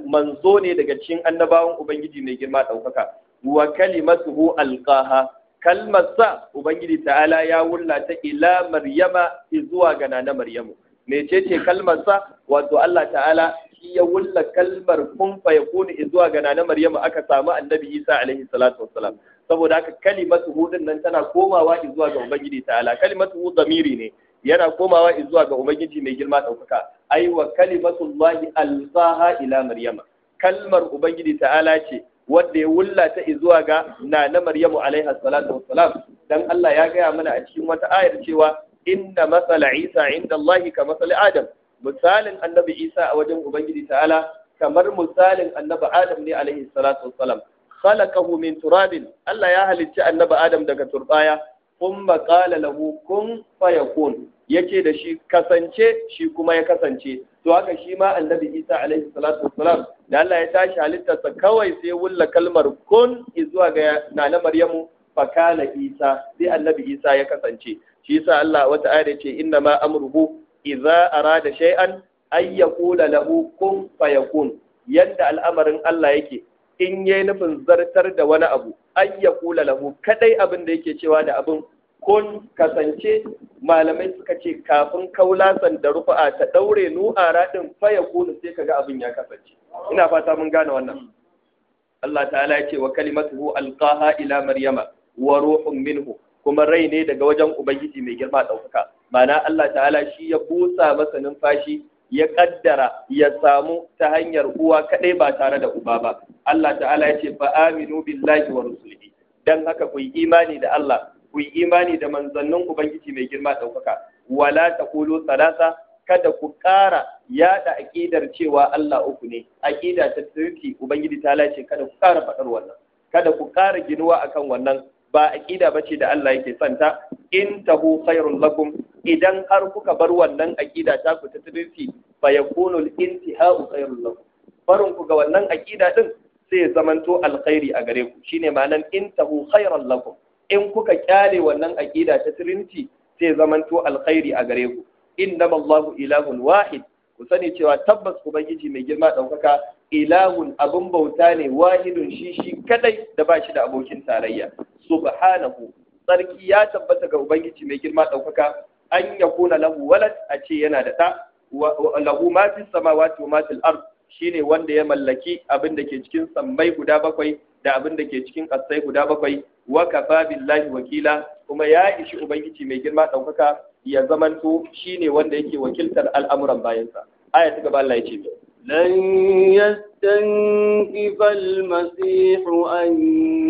manzo ne daga cikin annabawan ubangiji mai girma ɗaukaka wa kalimatuhu alqaha kalmarsa ubangiji ta'ala ya wullata ila maryama zuwa ga nana maryamu mecece kalmarsa wato Allah ta'ala ya wulla kalmar kun fa yakunu zuwa ga nana maryamu aka samu annabi Isa alaihi salatu wassalam saboda haka kalimatu hudin nan tana komawa zuwa ga ubangiji ta'ala kalimatu zamiri ne yana komawa zuwa ga ubangiji mai girma daukaka ai wa kalimatullahi alqaha ila maryama kalmar ubangiji ta'ala ce wanda ya wullata zuwa ga na na Maryamu alaiha salatu wassalam dan Allah ya gaya mana a cikin wata ayar cewa inna masala Isa inda Allah ka masala Adam misalin annabi Isa a wajen Ubangiji ta'ala kamar misalin annabi Adam ne alaihi salatu wassalam khalaqahu min turabin Allah ya halicci annabi Adam daga turbaya kuma qala lahu kun fayakun Yake da shi kasance shi kuma ya kasance to haka shi ma annabi Isa alaihi salatu wassalam da Allah ya tashi halittarsa kawai sai wulla kalmar kun zuwa ga nana Maryamu kana Isa sai annabi Isa ya kasance shi yasa Allah wata ayar ce inna ma amruhu idza arada shay'an ay yaqula lahu kun fayakun yadda al'amarin Allah yake in yayi nufin zartar da wani abu ay yaqula lahu kadai abin da yake cewa da abin ko kasance malamai suka ce kafin kaulasan da rufa'a ta daure nu'ara din faya kunu sai kaga abin ya kasance ina fata mun gane wannan Allah ta'ala ya ce wa kalimatuhu alqaha ila maryama wa ruhun minhu kuma rai ne daga wajen ubangiji mai girma ɗaukaka mana Allah ta'ala shi ya busa masa numfashi ya kaddara ya samu ta hanyar uwa kadai ba tare da uba ba Allah ta'ala ya ce fa aminu billahi wa rusulihi dan haka ku imani da Allah ku yi imani da manzannin ubangiji mai girma ɗaukaka wala taqulu salasa kada ku ƙara yaɗa aƙidar cewa Allah uku ne aƙida ta tsirki ubangiji ta lace kada ku ƙara faɗar wannan kada ku ƙara ginuwa kan wannan ba aƙida ba ce da Allah yake santa in hu khairul lakum idan har kuka bar wannan aƙida ta ku ta tsirki fa yakunu al-intihau lakum barin ku ga wannan aƙida ɗin sai ya zamanto alkhairi a gare ku shine ma'anan in tahu khairal lakum in kuka kyale wannan aqida ta trinity sai zamanto alkhairi a gare ku allahu ilahun wahid ku sani cewa tabbas ubangiji mai girma ɗaukaka ilahun abin bauta ne wahidun shi shi kadai da ba shi da abokin tarayya subhanahu Sarki ya tabbata ga ubangiji mai girma ɗaukaka an ya lahu walad a ce yana da ta. lahu ma fi samawati wa ma fil ard shine wanda ya mallaki abin da ke cikin sammai guda bakwai da abin da ke cikin kasai guda bakwai wa kafa billahi wakila kuma ya ishi ubangiji mai girma ɗaukaka ya zamanto shine wanda yake wakiltar al'amuran bayansa aya ta gaba Allah ya ce لن يستنكف المسيح أن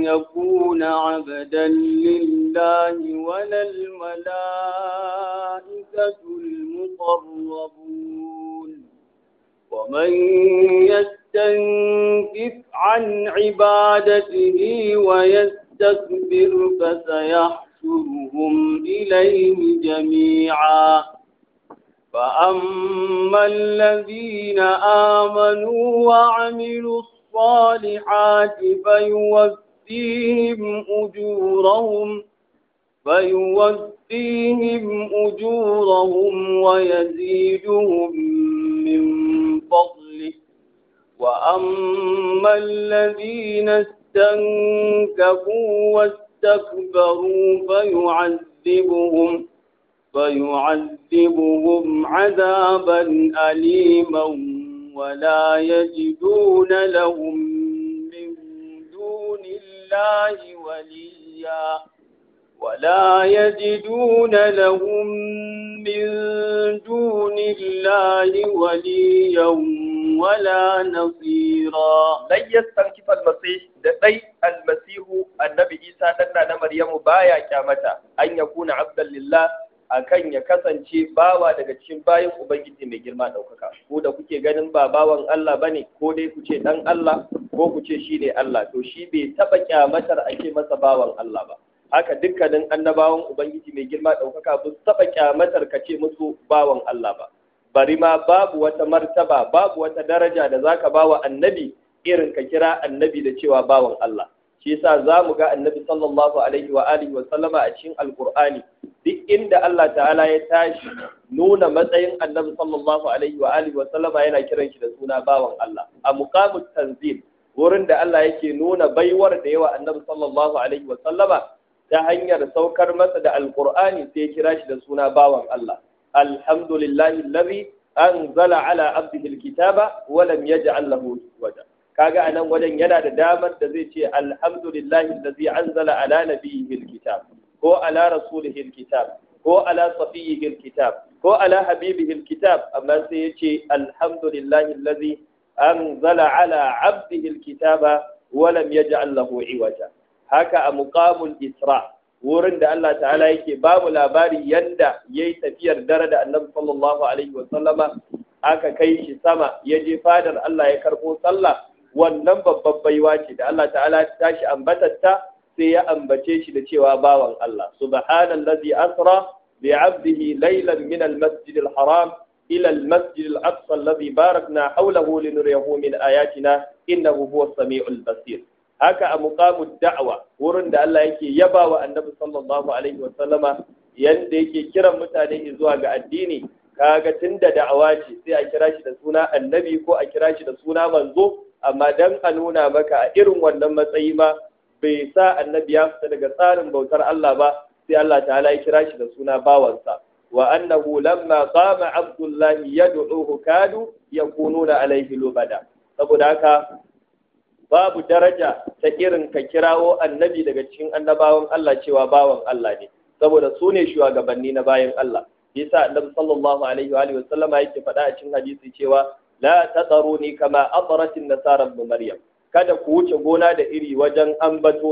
يكون عبدا لله ولا الملائكة المقربون ومن يستنكف عن عبادته ويستنكف يستكبر فسيحشرهم إليه جميعا فأما الذين آمنوا وعملوا الصالحات فيوفيهم أجورهم فيوفيهم أجورهم ويزيدهم من فضله وأما الذين استنكفوا واستكبروا فيعذبهم فيعذبهم عذابا أليما ولا يجدون لهم من دون الله وليا ولا يجدون لهم من دون الله وليا ولا نصيرا لن يستنكف المسيح da dai almasihu annabi isa dan na maryamu baya kyamata an ya kuna abdan lillah akan ya kasance bawa daga cikin bayan ubangiji mai girma ɗaukaka ko da kuke ganin ba bawan Allah bane ko dai kuce dan Allah ko kuce ce shi Allah to shi bai taba kyamatar ake masa bawan Allah ba haka dukkanin annabawan ubangiji mai girma ɗaukaka bu taba kyamatar ka ce musu bawan Allah ba bari ma babu wata martaba babu wata daraja da za ba bawa annabi irin ka kira annabi da cewa bawan Allah shi yasa zamu ga annabi sallallahu alaihi wa alihi wa sallama a cikin alqur'ani duk inda Allah ta'ala ya tashi nuna matsayin annabi sallallahu alaihi wa alihi wa sallama yana kiran shi da suna bawan Allah a muqamut tanzil wurin da Allah yake nuna baiwar da yawa annabi sallallahu alaihi wa sallama ta hanyar saukar masa da alqur'ani sai ya kira shi da suna bawan Allah alhamdulillahi allazi anzala ala abdihi alkitaba wa lam yaj'al lahu iwaja kaga anan wajen yana da damar da zai ce alhamdulillahi allazi anzala ala nabiyhi alkitab ko ala rasulihi alkitab ko ala safiyihi alkitab ko ala habibihi alkitab amma sai yace alhamdulillahi allazi anzala ala abdihi alkitaba wa lam yaj'al lahu haka a muqamul isra' wurin da Allah ta'ala yake babu labari yadda ya yi tafiyar dare da annabi sallallahu alaihi sallama aka kai shi sama ya je fadar Allah ya karɓo sallah wannan babban baiwa ce da Allah ta'ala tashi ambatatta sai ya ambace shi da cewa bawan Allah subhanallazi asra bi 'abdihi laylan min al-masjid al-haram ila al-masjid al-aqsa alladhi barakna hawlahu linuriyahu min ayatina innahu huwa samiul basir haka a muqamud da'awa wurin da Allah yake yaba wa annabi sallallahu alaihi wa sallama yanda yake kiran mutane zuwa ga addini kaga tun da da'awa ce sai a kira shi da suna annabi ko a kira shi da suna manzo amma dan a nuna maka a irin wannan matsayi ma bai sa annabi ya fita daga tsarin bautar Allah ba sai Allah ta'ala ya kira shi da suna bawansa wa annahu lamma qama abdullahi yad'uhu kadu yakununa alaihi lubada saboda haka babu daraja ta irin ka kirawo annabi daga cikin annabawan Allah cewa bawan Allah ne saboda su ne shugabanni na bayan Allah yasa annabi sallallahu alaihi wa alihi sallama yake faɗa a cikin hadisi cewa la tataruni kama ataratin nasara ibn maryam kada ku wuce gona da iri wajen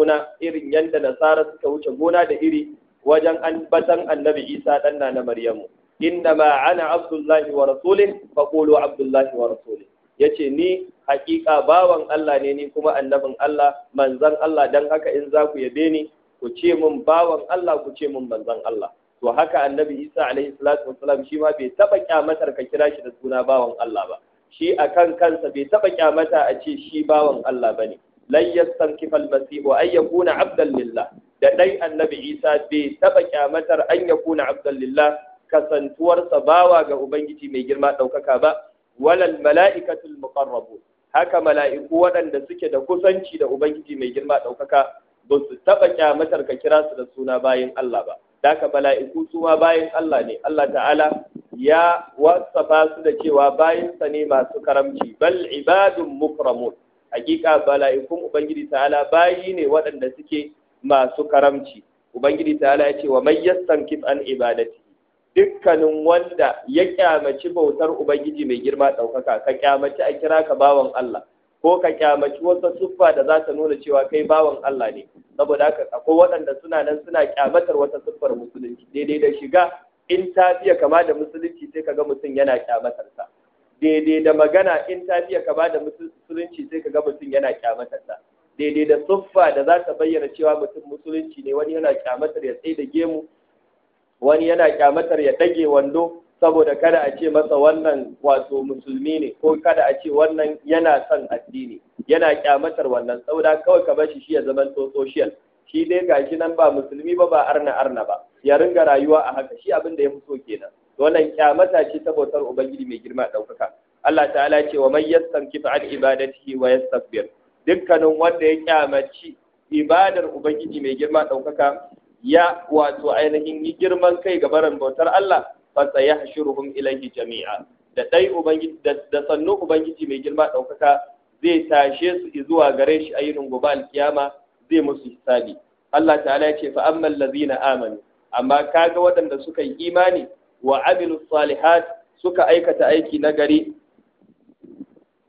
na irin yadda nasara suka wuce gona da iri wajen ambatan annabi isa ɗanna na maryamu innama ana abdullahi wa rasulih faqulu abdullahi wa rasulih ya ce ni hakika bawan Allah ne ni kuma annabin Allah manzan Allah don haka in za ku yabe ni ku ce min bawan Allah ku ce min manzan Allah to haka annabi Isa alaihi salatu wassalam shi ma bai taba kyamatar ka kira shi da suna bawan Allah ba shi akan kansa bai taba kyamata a ce shi bawan Allah bane lan yastankifa al-masih an yakuna abdan lillah da dai annabi Isa bai taba kyamatar an yakuna abdan lillah kasantuwarsa bawa ga ubangiji mai girma daukaka ba walal mala'ikatul muƙarrabu. haka mala'iku waɗanda suke da kusanci da ubangiji mai girma ɗaukaka ba su taɓa kyamatar ka kira su da suna bayan Allah ba daka mala'iku su ma bayan Allah ne Allah ta'ala ya wasafa su da cewa bayan sa ne masu karamci bal ibadun mukramun hakika mala'ikun ubangiji ta'ala bayi ne waɗanda suke masu karamci ubangiji ta'ala ya ce wa may yastankif an ibadati dukkanin wanda ya kyamaci bautar ubangiji mai girma ɗaukaka ka kyamaci a kira ka bawan Allah ko ka kyamaci wata siffa da za ta nuna cewa kai bawan Allah ne saboda haka ko waɗanda suna nan suna kyamatar wata siffar musulunci daidai da shiga in ta fiye kama da musulunci sai kaga mutum yana kyamatar sa daidai da magana in ta fiye kama da musulunci sai kaga mutum yana kyamatar sa daidai da siffa da za ta bayyana cewa mutum musulunci ne wani yana kyamatar ya tsaye da gemu wani yana kyamatar ya ɗage wando saboda kada a ce masa wannan wato musulmi ne ko kada a ce wannan yana son addini yana kyamatar wannan saboda kawai ka bashi shi ya zama to social shi dai gashi nan ba musulmi ba ba arna arna ba ya ringa rayuwa a haka shi abin da ya fito kenan wannan kyamata ce ta bautar ubangiji mai girma ɗaukaka Allah ta'ala ce wa man yastankif an ibadatihi wa yastakbir dukkanin wanda ya kyamaci ibadar ubangiji mai girma daukaka ya wato ainihin yi girman kai ga baran bautar Allah fa sayahshuruhum ilayhi jami'a da dai ubangiji da sannu ubangiji mai girma daukaka zai tashe su zuwa gare shi a yinin gobe alkiyama zai musu hisabi Allah ta'ala ya ce fa amman allazina amanu amma kaga waɗanda suka yi imani wa amilus salihat suka aikata aiki nagari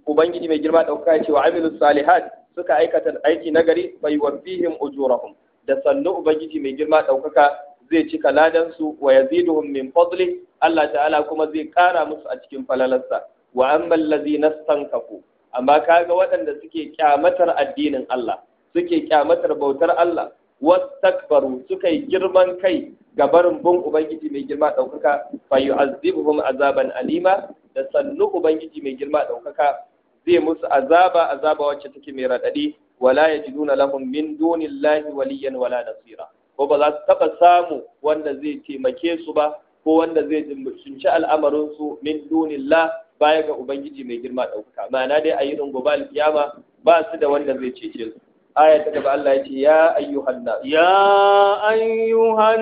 ubangiji mai girma ya ce wa amilus salihat suka aikata aiki nagari bai fa ujurahum da sannu ubangiji mai girma ɗaukaka zai cika ladansu wa yaziduhum min fadli Allah ta'ala kuma zai kara musu a cikin falalarsa wa ammal ladzina stankafu amma kaga waɗanda suke kyamatar addinin Allah suke kyamatar bautar Allah wastakbaru suka yi girman kai ga barin bin ubangiji mai girma ɗaukaka fa yu'azzibuhum azaban alima da sannu ubangiji mai girma ɗaukaka zai musu azaba azaba wacce take mai radadi. wala ya yajiduna lahum min dunillahi waliyan wala nasira ko ba za su taɓa samu wanda zai taimake su ba ko wanda zai sunci al'amarin su min la baya ga ubangiji mai girma ɗaukaka ma'ana dai a yi gobe alkiyama ba su da wanda zai cece su aya ta gaba Allah ya ce ya ayyuhan nas ya ayyuhan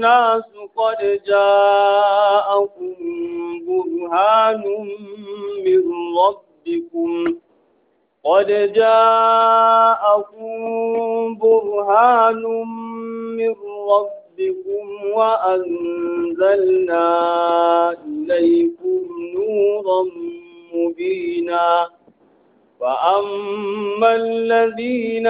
nas qad ja'akum burhanun min rabbikum قد جاءكم برهان من ربكم وأنزلنا إليكم نورا مبينا فأما الذين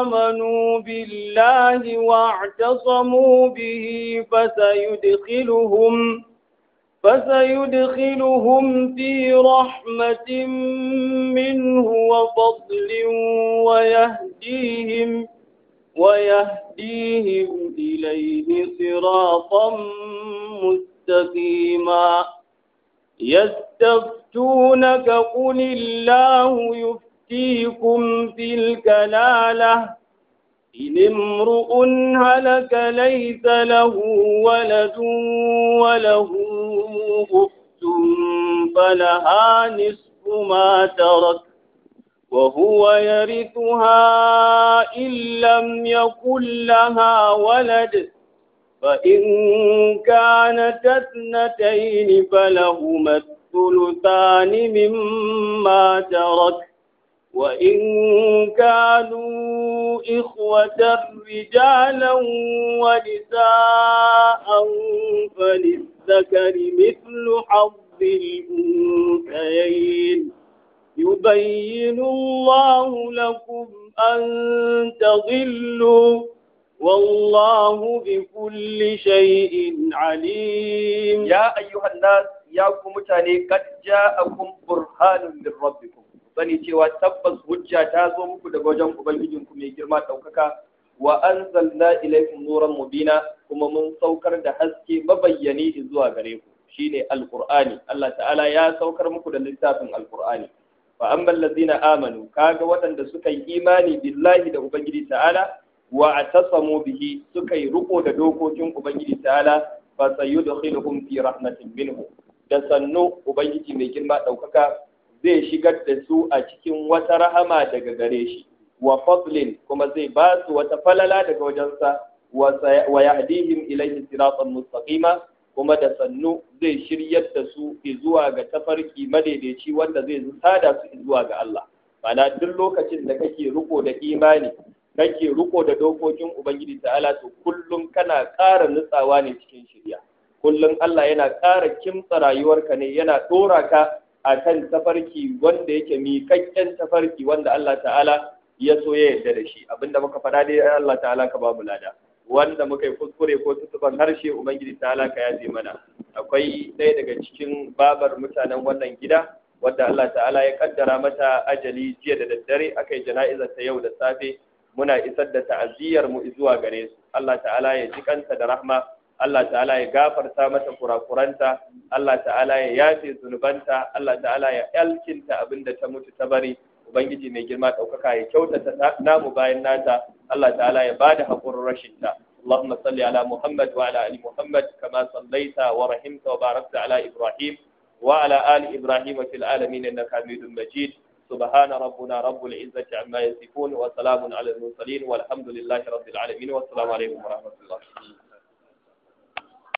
آمنوا بالله واعتصموا به فسيدخلهم فسيدخلهم في رحمة منه وفضل ويهديهم ويهديهم إليه صراطا مستقيما يستفتونك قل الله يفتيكم في الكلاله إن امرؤ هلك ليس له ولد وله أخت فلها نصف ما ترك وهو يرثها إن لم يكن لها ولد فإن كانت اثنتين فلهما الثلثان مما ترك وإن كانوا إخوة رجالا ونساء فلس الذكر مثل حظ الأنثيين يبين الله لكم أن تضلوا والله بكل شيء عليم يا أيها الناس يا كمتاني قد جاءكم برهان من ربكم sani cewa tabbas hujja ta zo muku daga wajen ubangijinku mai girma ɗaukaka wa anzalna ilaykum nuran mubina kuma mun saukar da haske mabayyani zuwa gare ku shine alqur'ani Allah ta'ala ya saukar muku da littafin alqur'ani fa amman ladina amanu kaga waɗanda suka yi imani billahi da ubangiji ta'ala wa atasamu bihi suka yi riko da dokokin ubangiji ta'ala fa sayudkhiluhum fi rahmatin minhu da sannu ubangiji mai girma ɗaukaka zai shigar da su a cikin wata rahama daga gare shi wa fadlin kuma zai ba su wata falala daga wajensa wa yahdihim ilayhi siratan mustaqima kuma da sannu zai shiryar da su zuwa ga tafarki madaidaici wanda zai sada su zuwa ga Allah mana duk lokacin da kake riko da imani kake riko da dokokin ubangiji ta'ala to kullum kana ƙara nutsawa ne cikin shirya kullum Allah yana ƙara kimtsa rayuwarka ne yana dora ka akan tafarki wanda yake miƙaƙƙen tafarki wanda Allah ta'ala ya so ya yarda da shi abinda muka faɗa dai Allah ta'ala ka babu lada wanda muka yi kuskure ko tutuban harshe ubangiji ta'ala ka yaje mana akwai ɗaya daga cikin babar mutanen wannan gida wanda Allah ta'ala ya kaddara mata ajali jiya da daddare aka yi jana'izar ta yau da safe muna isar da ta'aziyar mu zuwa gare su Allah ta'ala ya ji kanta da rahma Allah ta'ala ya gafarta mata kurakuranta Allah ta'ala ya yafe zunubanta Allah ta'ala ya alkinta abinda ta mutu ta bari ubangiji mai girma ɗaukaka ya kyautata namu bayan nata Allah ta'ala ya bada haƙurin rashin ta اللهم صل على محمد وعلى ال محمد كما صليت ورحمت وباركت على ابراهيم وعلى ال ابراهيم في العالمين انك حميد مجيد سبحان ربنا رب العزه عما يصفون وسلام على المرسلين والحمد لله رب العالمين والسلام عليكم ورحمه الله